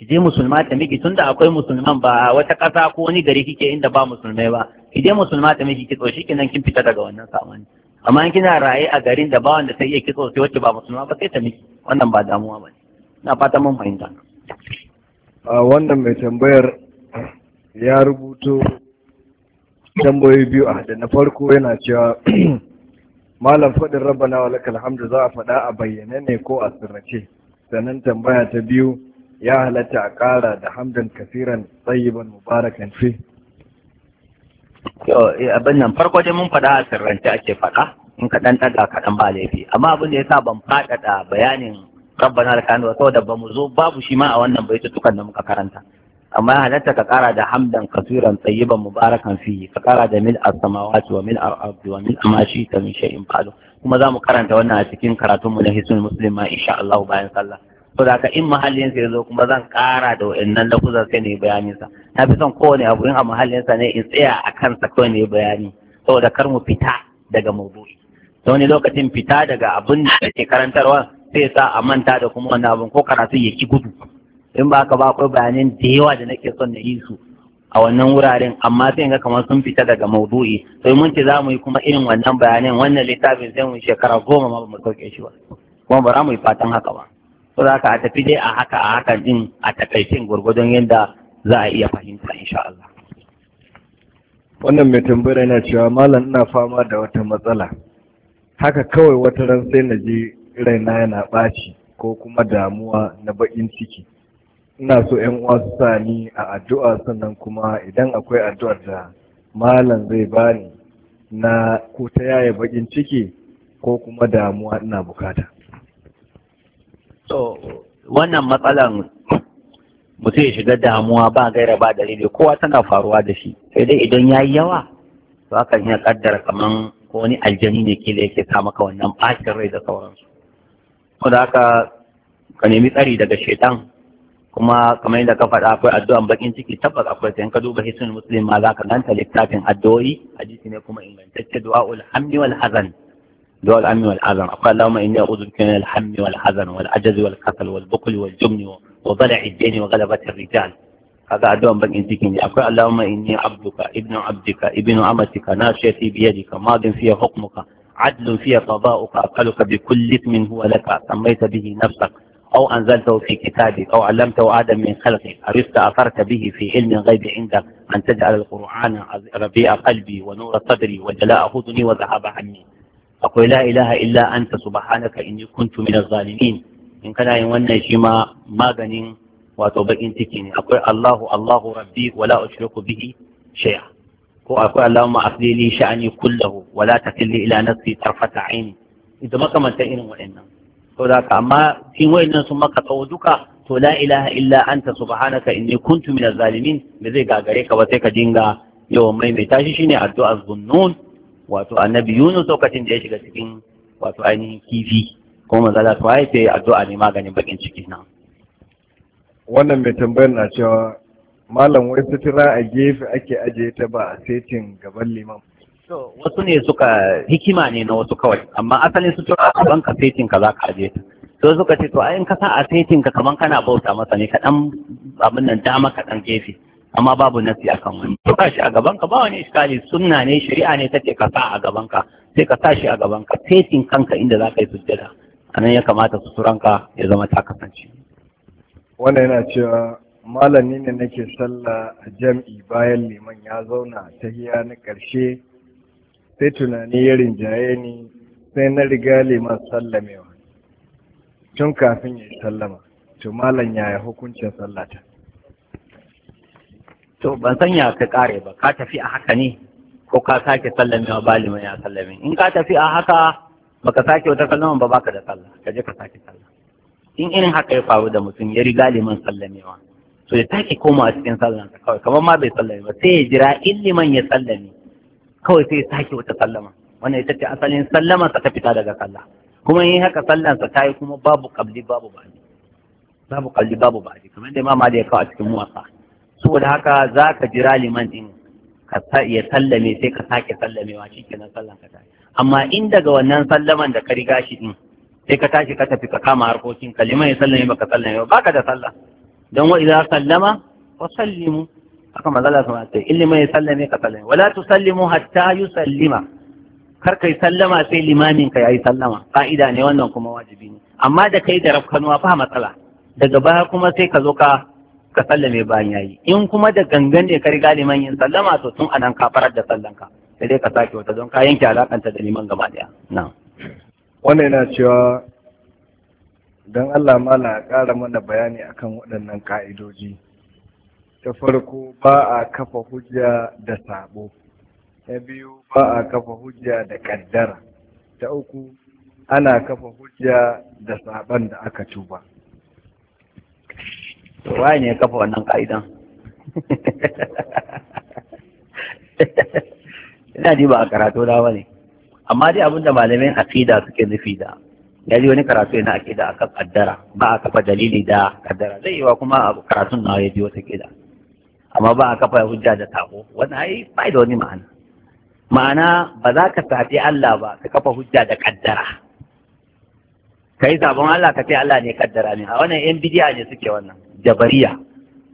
ki je musulma ta miki tunda akwai musulman ba wata ƙasa ko wani gari kike inda ba musulmai ba ki je musulma ta miki kitso shikenan kin fita daga wannan samani amma in kina raye a garin da ba wanda sai iya kitso sai wacce ba musulma ba sai ta miki wannan ba damuwa ba na fata mun fahimta a wannan mai tambayar ya rubuto tambayoyi biyu a da na farko yana cewa malam faɗin rabbana wa lakal hamdu za a faɗa a bayyane ne ko a sirrace sannan tambaya ta biyu ya halatta a ƙara da hamdan kafiran tsayiban mubarakan fi Eh, abin nan farko dai mun faɗa a sirrance ake faɗa in ka ɗan ɗaga kaɗan ba laifi amma abin da ya sa ban faɗaɗa bayanin rabbana da kanu saboda ba mu zo babu shi ma a wannan baitutukan da muka karanta amma ya halatta ka ƙara da hamdan kasiran tayyiban mubarakan fi ka ƙara da mil as-samawati wa mil al-ardi wa mil ta min shay'in faɗo. kuma za mu karanta wannan a cikin karatunmu na hisnul muslim ma Allah bayan sallah to da ka in mahallin sa yanzu kuma zan kara da wayannan lafuzan sai ne bayanin sa na fi son kowane abu in a mahallin sa ne in tsaya a kansa kawai ne bayani saboda kar mu fita daga maudu'i ta wani lokacin fita daga abin da ke karantarwa sai sa a manta da kuma wannan abin ko karatu ya ki gudu in ba ka ba akwai bayanin da yawa da nake son na yi su a wannan wuraren amma sai ga kamar sun fita daga maudu'i sai mun ce za mu yi kuma irin wannan bayanin wannan littafin sai mu shekara goma ma ba mu sauke shi ba kuma ba za mu yi fatan haka ba so za ka a tafi dai a haka a haka din a takaicin gwargwadon yadda za a iya fahimta insha Allah wannan mai tambayar yana cewa malam ina fama da wata matsala haka kawai wata ran sai na je raina yana ɓaci ko kuma damuwa na baƙin ciki ina so yan uwa su sa ni a addu'a sannan kuma idan akwai addu'ar da malam zai bani na ko ta yaya baƙin ciki ko kuma damuwa ina bukata So wannan matsalan mutum ya shiga damuwa ba gaira ba dalili kowa tana faruwa da shi sai dai idan ya yi yawa to hakan ya kaddara kaman ko wani aljani ne ke da yake sa maka wannan bacin rai da sauransu ko da haka ka nemi tsari daga shaitan kuma kamar yadda ka faɗa akwai addu'an bakin ciki tabbas akwai sai ka duba hisnul muslim ma za ka ganta littafin addu'o'i hadisi ne kuma ingantacce du'a'ul hamdi wal hazan دعاء العمي والحزن قال اللهم إني أعوذ بك من الحم والحزن والعجز والكسل والبخل والجبن وضلع الدين وغلبة الرجال هذا عدو بن انتكين أقول اللهم إني عبدك ابن عبدك ابن عمتك ناشيتي بيدك ماض في حكمك عدل في قضاؤك أقلك بكل اسم هو لك سميت به نفسك أو أنزلته في كتابك أو علمته آدم من خلقك عرفت أثرت به في علم الغيب عندك أن تجعل القرآن ربيع قلبي ونور صدري وجلاء خذني وذهب عني akwai la ilaha illa anta subhanaka inni kuntu minaz zalimin in kana yin wannan shi ma maganin wato bakin ciki ne akwai Allahu Allahu rabbi wala ushriku bihi shay'a ko akwai Allahumma aflili sha'ani kullahu wala takilli ila nafsi tarfata aini idan makamanta irin waɗannan to da ka amma in waɗannan sun maka tsawo duka to la ilaha illa anta subhanaka inni kuntu minaz zalimin Me zai gagare ka ba sai ka dinga yawan maimaita shi shine addu'ar zunnun wato annabi Yunus lokacin da ya shiga cikin wato ainihin kifi kuma manzo su ta yi addu'a ne maganin bakin ciki nan wannan mai tambayar na cewa malam wai sutura a gefe ake ajiye ta ba a setin gaban liman So, wasu ne suka hikima ne na wasu kawai amma asalin sutura a banka setin ka za ka ajiye ta to suka ce to ayin ka sa a setin ka kaman kana bauta masa ne kaɗan abin nan dama kaɗan gefe amma babu nasi akan wani ka shi a gaban ka ba wani iskali sunna ne shari'a ne ce ka sa a gaban ka sai ka sa shi a gaban ka fetin kanka inda za ka yi sujjada anan ya kamata ka ya zama ta kasance wannan yana cewa malami ne nake sallah a jam'i bayan liman ya zauna ta hiya na ƙarshe sai tunani ya rinjaye ni sai na riga liman sallamewa tun kafin ya yi sallama to malam yi hukuncin sallata to ban sanya ka kare ba ka tafi a haka ne ko ka sake sallamewa balima ya sallame in ka tafi a haka baka sake wata sallama ba baka da sallah ka je ka sake sallah in irin haka ya faru da mutum ya riga liman sallamewa to ya take koma a cikin sallan sa kawai kamar ma bai sallame ba sai ya jira in liman ya sallame kawai sai ya sake wata sallama wannan ita ce asalin sallama sa ta fita daga sallah kuma in haka sallan sa tayi kuma babu qabli babu ba'di babu qabli babu ba'di kamar da imam Ali ya kawo a cikin muwasa. saboda haka za ka jira liman ɗin, ka ya sallame sai ka sake sallamewa shi kenan sallan ka tashi amma in daga wannan sallaman da ka riga shi din sai ka tashi ka tafi ka kama harkokin ka liman ya sallame baka sallame ba ka da sallah don wa idza sallama fa sallimu haka mazala sama ta in liman ya sallame ka sallame wala tusallimu hatta yusallima kar kai sallama sai limamin ka yayi sallama fa'ida ne wannan kuma wajibi ne amma da kai da rafkanuwa ba matsala daga baya kuma sai ka zo ka ka sallame bayan yayi in kuma da gangan ne ka riga liman yin sallama to tun anan ka farar da sallanka sai dai ka sake wata don ka yanke alakanta da liman gaba daya na'am wannan yana cewa dan Allah mala ƙara mana bayani akan waɗannan ka'idoji ta farko ba a kafa hujja da sabo ta biyu ba a kafa hujja da kaddara, ta uku ana kafa hujja da saban da aka tuba waye ne ya kafa wannan ka'idan ina ji ba a karatu da wani. amma dai abinda malamin aqida suke nufi da ya ji wani karatu yana aqida kan kaddara ba a kafa dalili da kaddara zai wa kuma a karatun na ya ji wata kida amma ba a kafa hujja da sako wannan ai bai da wani ma'ana ma'ana ba za ka sabi Allah ba ka kafa hujja da kaddara kai sabon Allah ka ce Allah ne kaddara ne a wannan yan bidiya ne suke wannan jabariya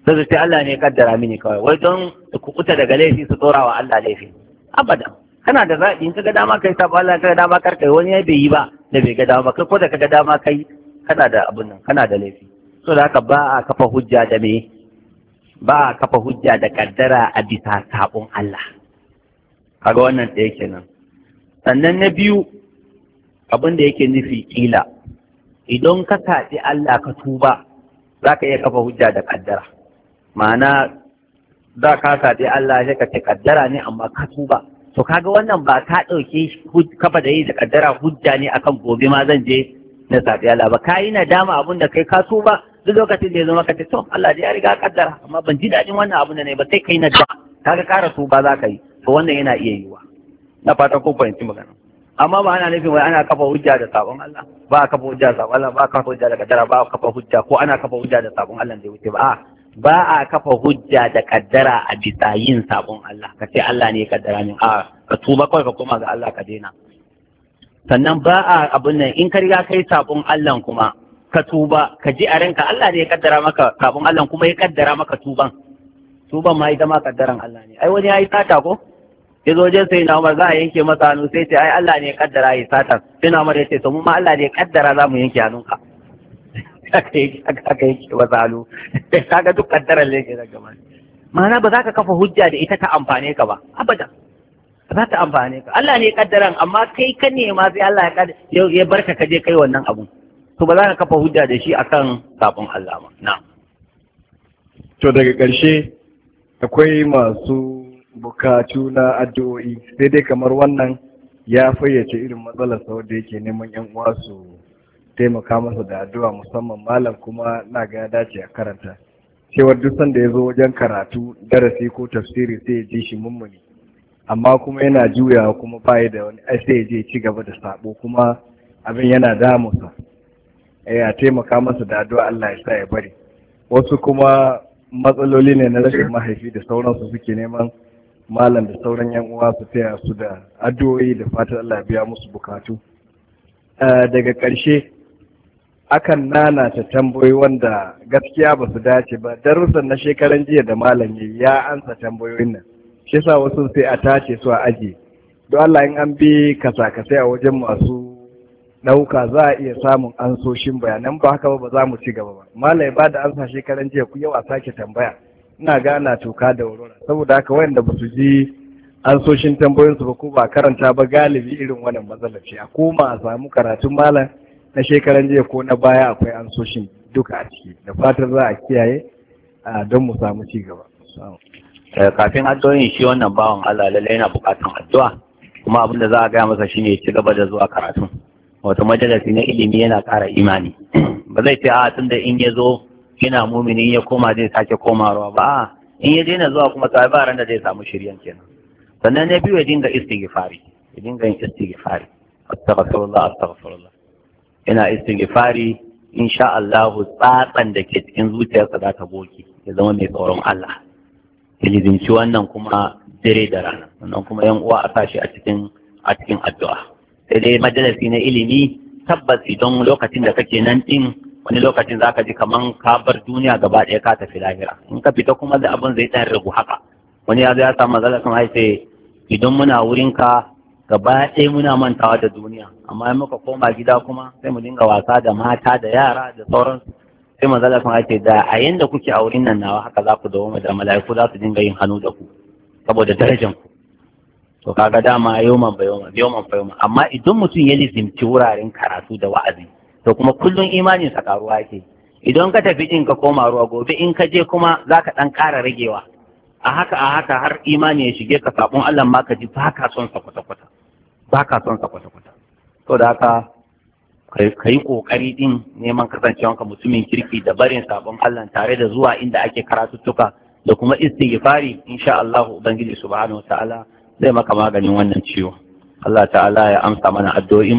sai su ce Allah ne kaddara mini kawai wai don ku kuta daga laifi su tsora wa Allah laifi abada kana da zaɓi in ka ga dama kai sabo Allah ka ga dama kar kai wani ya bai yi ba da bai ga dama kai ko da ka ga dama kai kana da abun nan kana da laifi so da haka ba a kafa hujja da me ba a kafa hujja da kaddara a bisa sabon Allah kaga wannan ɗaya kenan sannan na biyu abin da yake nufi kila idan ka kaɗi Allah ka tuba za ka iya kafa hujja da kaddara ma'ana za ka sabi Allah sai ka ce kaddara ne amma ka tuba to kaga wannan ba ka ɗauki kafa da yi da kaddara hujja ne akan gobe ma zan je na sabi Allah ba ka yi nadama abun da kai ka tuba duk lokacin da ya zama ka ce to Allah ya riga kaddara amma ban ji daɗin wannan abun da ne ba sai kai nadama kaga ƙara tuba za ka yi to wannan yana iya yiwa na fata ko fahimci magana amma ba ana nufin wai ana kafa hujja da sabon Allah ba a kafa hujja da sabon Allah ba a kafa hujja da kaddara ba a kafa hujja ko ana kafa hujja da sabon Allah da wuce ba ba a kafa hujja da kaddara a bisa yin sabon Allah ka ce Allah ne kaddara min a ka tuba kawai ka koma ga Allah ka daina sannan ba a abun nan in ka riga kai sabon Allah kuma ka tuba ka ji a ranka Allah ne ya kaddara maka sabon Allah kuma ya kaddara maka tuban tuban ma ita ma kaddaran Allah ne ai wani ya yi ko ya zo wajen sai na Umar za a yanke masa hannu sai ce ai Allah ne ya kaddara yi satan sai na Umar ya ce to mu ma Allah ne ya kaddara za mu yanke hannunka aka yanke masa hannu kaga duk kaddarar ne ke daga ma'ana ba za ka kafa hujja da ita ta amfane ka ba abada za ta amfane ka Allah ne ya kaddara amma kai ka ma sai Allah ya ya barka ka je kai wannan abun to ba za ka kafa hujja da shi akan sabon Allah ma na to daga ƙarshe akwai masu bukatu na addu'o'i sai dai kamar wannan ya fayyace irin matsalar sau da yake neman yan uwa su taimaka masa da addu'a musamman malam kuma na ga ya dace a karanta cewar duk sanda ya zo wajen karatu darasi ko tafsiri sai ya ji shi mummuni amma kuma yana juyawa kuma baya da wani sai ya je ci gaba da sabo kuma abin yana damusa ya eh, taimaka masa da addu'a Allah ya sa ya bari wasu kuma matsaloli ne na rashin mahaifi da sauransu suke neman malam da sauran yan uwa su taya su da addu'o'i da fatan Allah ya biya musu bukatu eh, daga ƙarshe akan nanata tambayoyi wanda gaskiya ba su dace ba darussan na shekaran jiya da malam ya ansa tambayoyin nan shi yasa wasu sai a tace su a aje don Allah in an bi kasa-kasai a wajen masu ɗauka za a iya samun ansoshin bayanan ba haka ba za mu ci gaba ba malam ya bada ansa shekaran jiya ku yau a sake tambaya ina gana toka da warwara saboda haka wayanda ba su ji an soshin tambayoyin su ba ko ba karanta ba galibi irin wannan matsalaci, ce a koma a samu karatun malam na shekaran jiya ko na baya akwai an soshin duka a ciki da fatan za a kiyaye don mu samu ci gaba eh, kafin addu'o'in shi wannan bawan Allah lallai yana bukatun addu'a kuma abin da za a gaya masa shine ne ci gaba da zuwa karatu. wato majalisi na ilimi yana kara imani ba zai ce a tun in ya zo yana mumini ya koma zai sake komawa ba in ya daina zuwa kuma tsaye ba ran da zai samu shiryan kenan sannan na biyu ya dinga istighfari ya dinga yin istighfari astaghfirullah astaghfirullah yana istighfari insha Allah tsatsan da ke cikin zuciyarsa za ta goge, ya zama mai tsoron Allah ya ci wannan kuma dare da rana wannan kuma yan uwa a sashi a cikin a cikin addu'a sai dai majalisi na ilimi tabbas idan lokacin da kake nan din wani lokacin za ka ji kamar ka bar duniya gaba ɗaya ka tafi lahira in ka fita kuma da abin zai ɗan ragu haka wani ya zai ya mazala sun haife idan muna wurin ka gaba ɗaya muna mantawa da duniya amma in muka koma gida kuma sai mu dinga wasa da mata da yara da sauransu sai mazala sun haife da a yanda kuke a wurin nan nawa haka za ku dawo da mala'iku za su dinga yin hannu da ku saboda darajan ku to kaga dama yau man ba yau man yau amma idan mutum ya lizimci wuraren karatu da wa'azi to kuma kullum imanin sa karuwa yake idan ka tafi din ka koma ruwa gobe in ka je kuma zaka dan ƙara ragewa a haka a haka har imani ya shige ka sabon Allah ma ka ji ba ka son sa kwata kwata ba ka son sa kwata kwata to da haka ka yi kokari din neman ka mutumin kirki da barin sabon Allah tare da zuwa inda ake karatuttuka da kuma istighfari insha Allah ubangiji subhanahu wa ta'ala zai maka maganin wannan ciwo Allah ta'ala ya amsa mana addu'o'in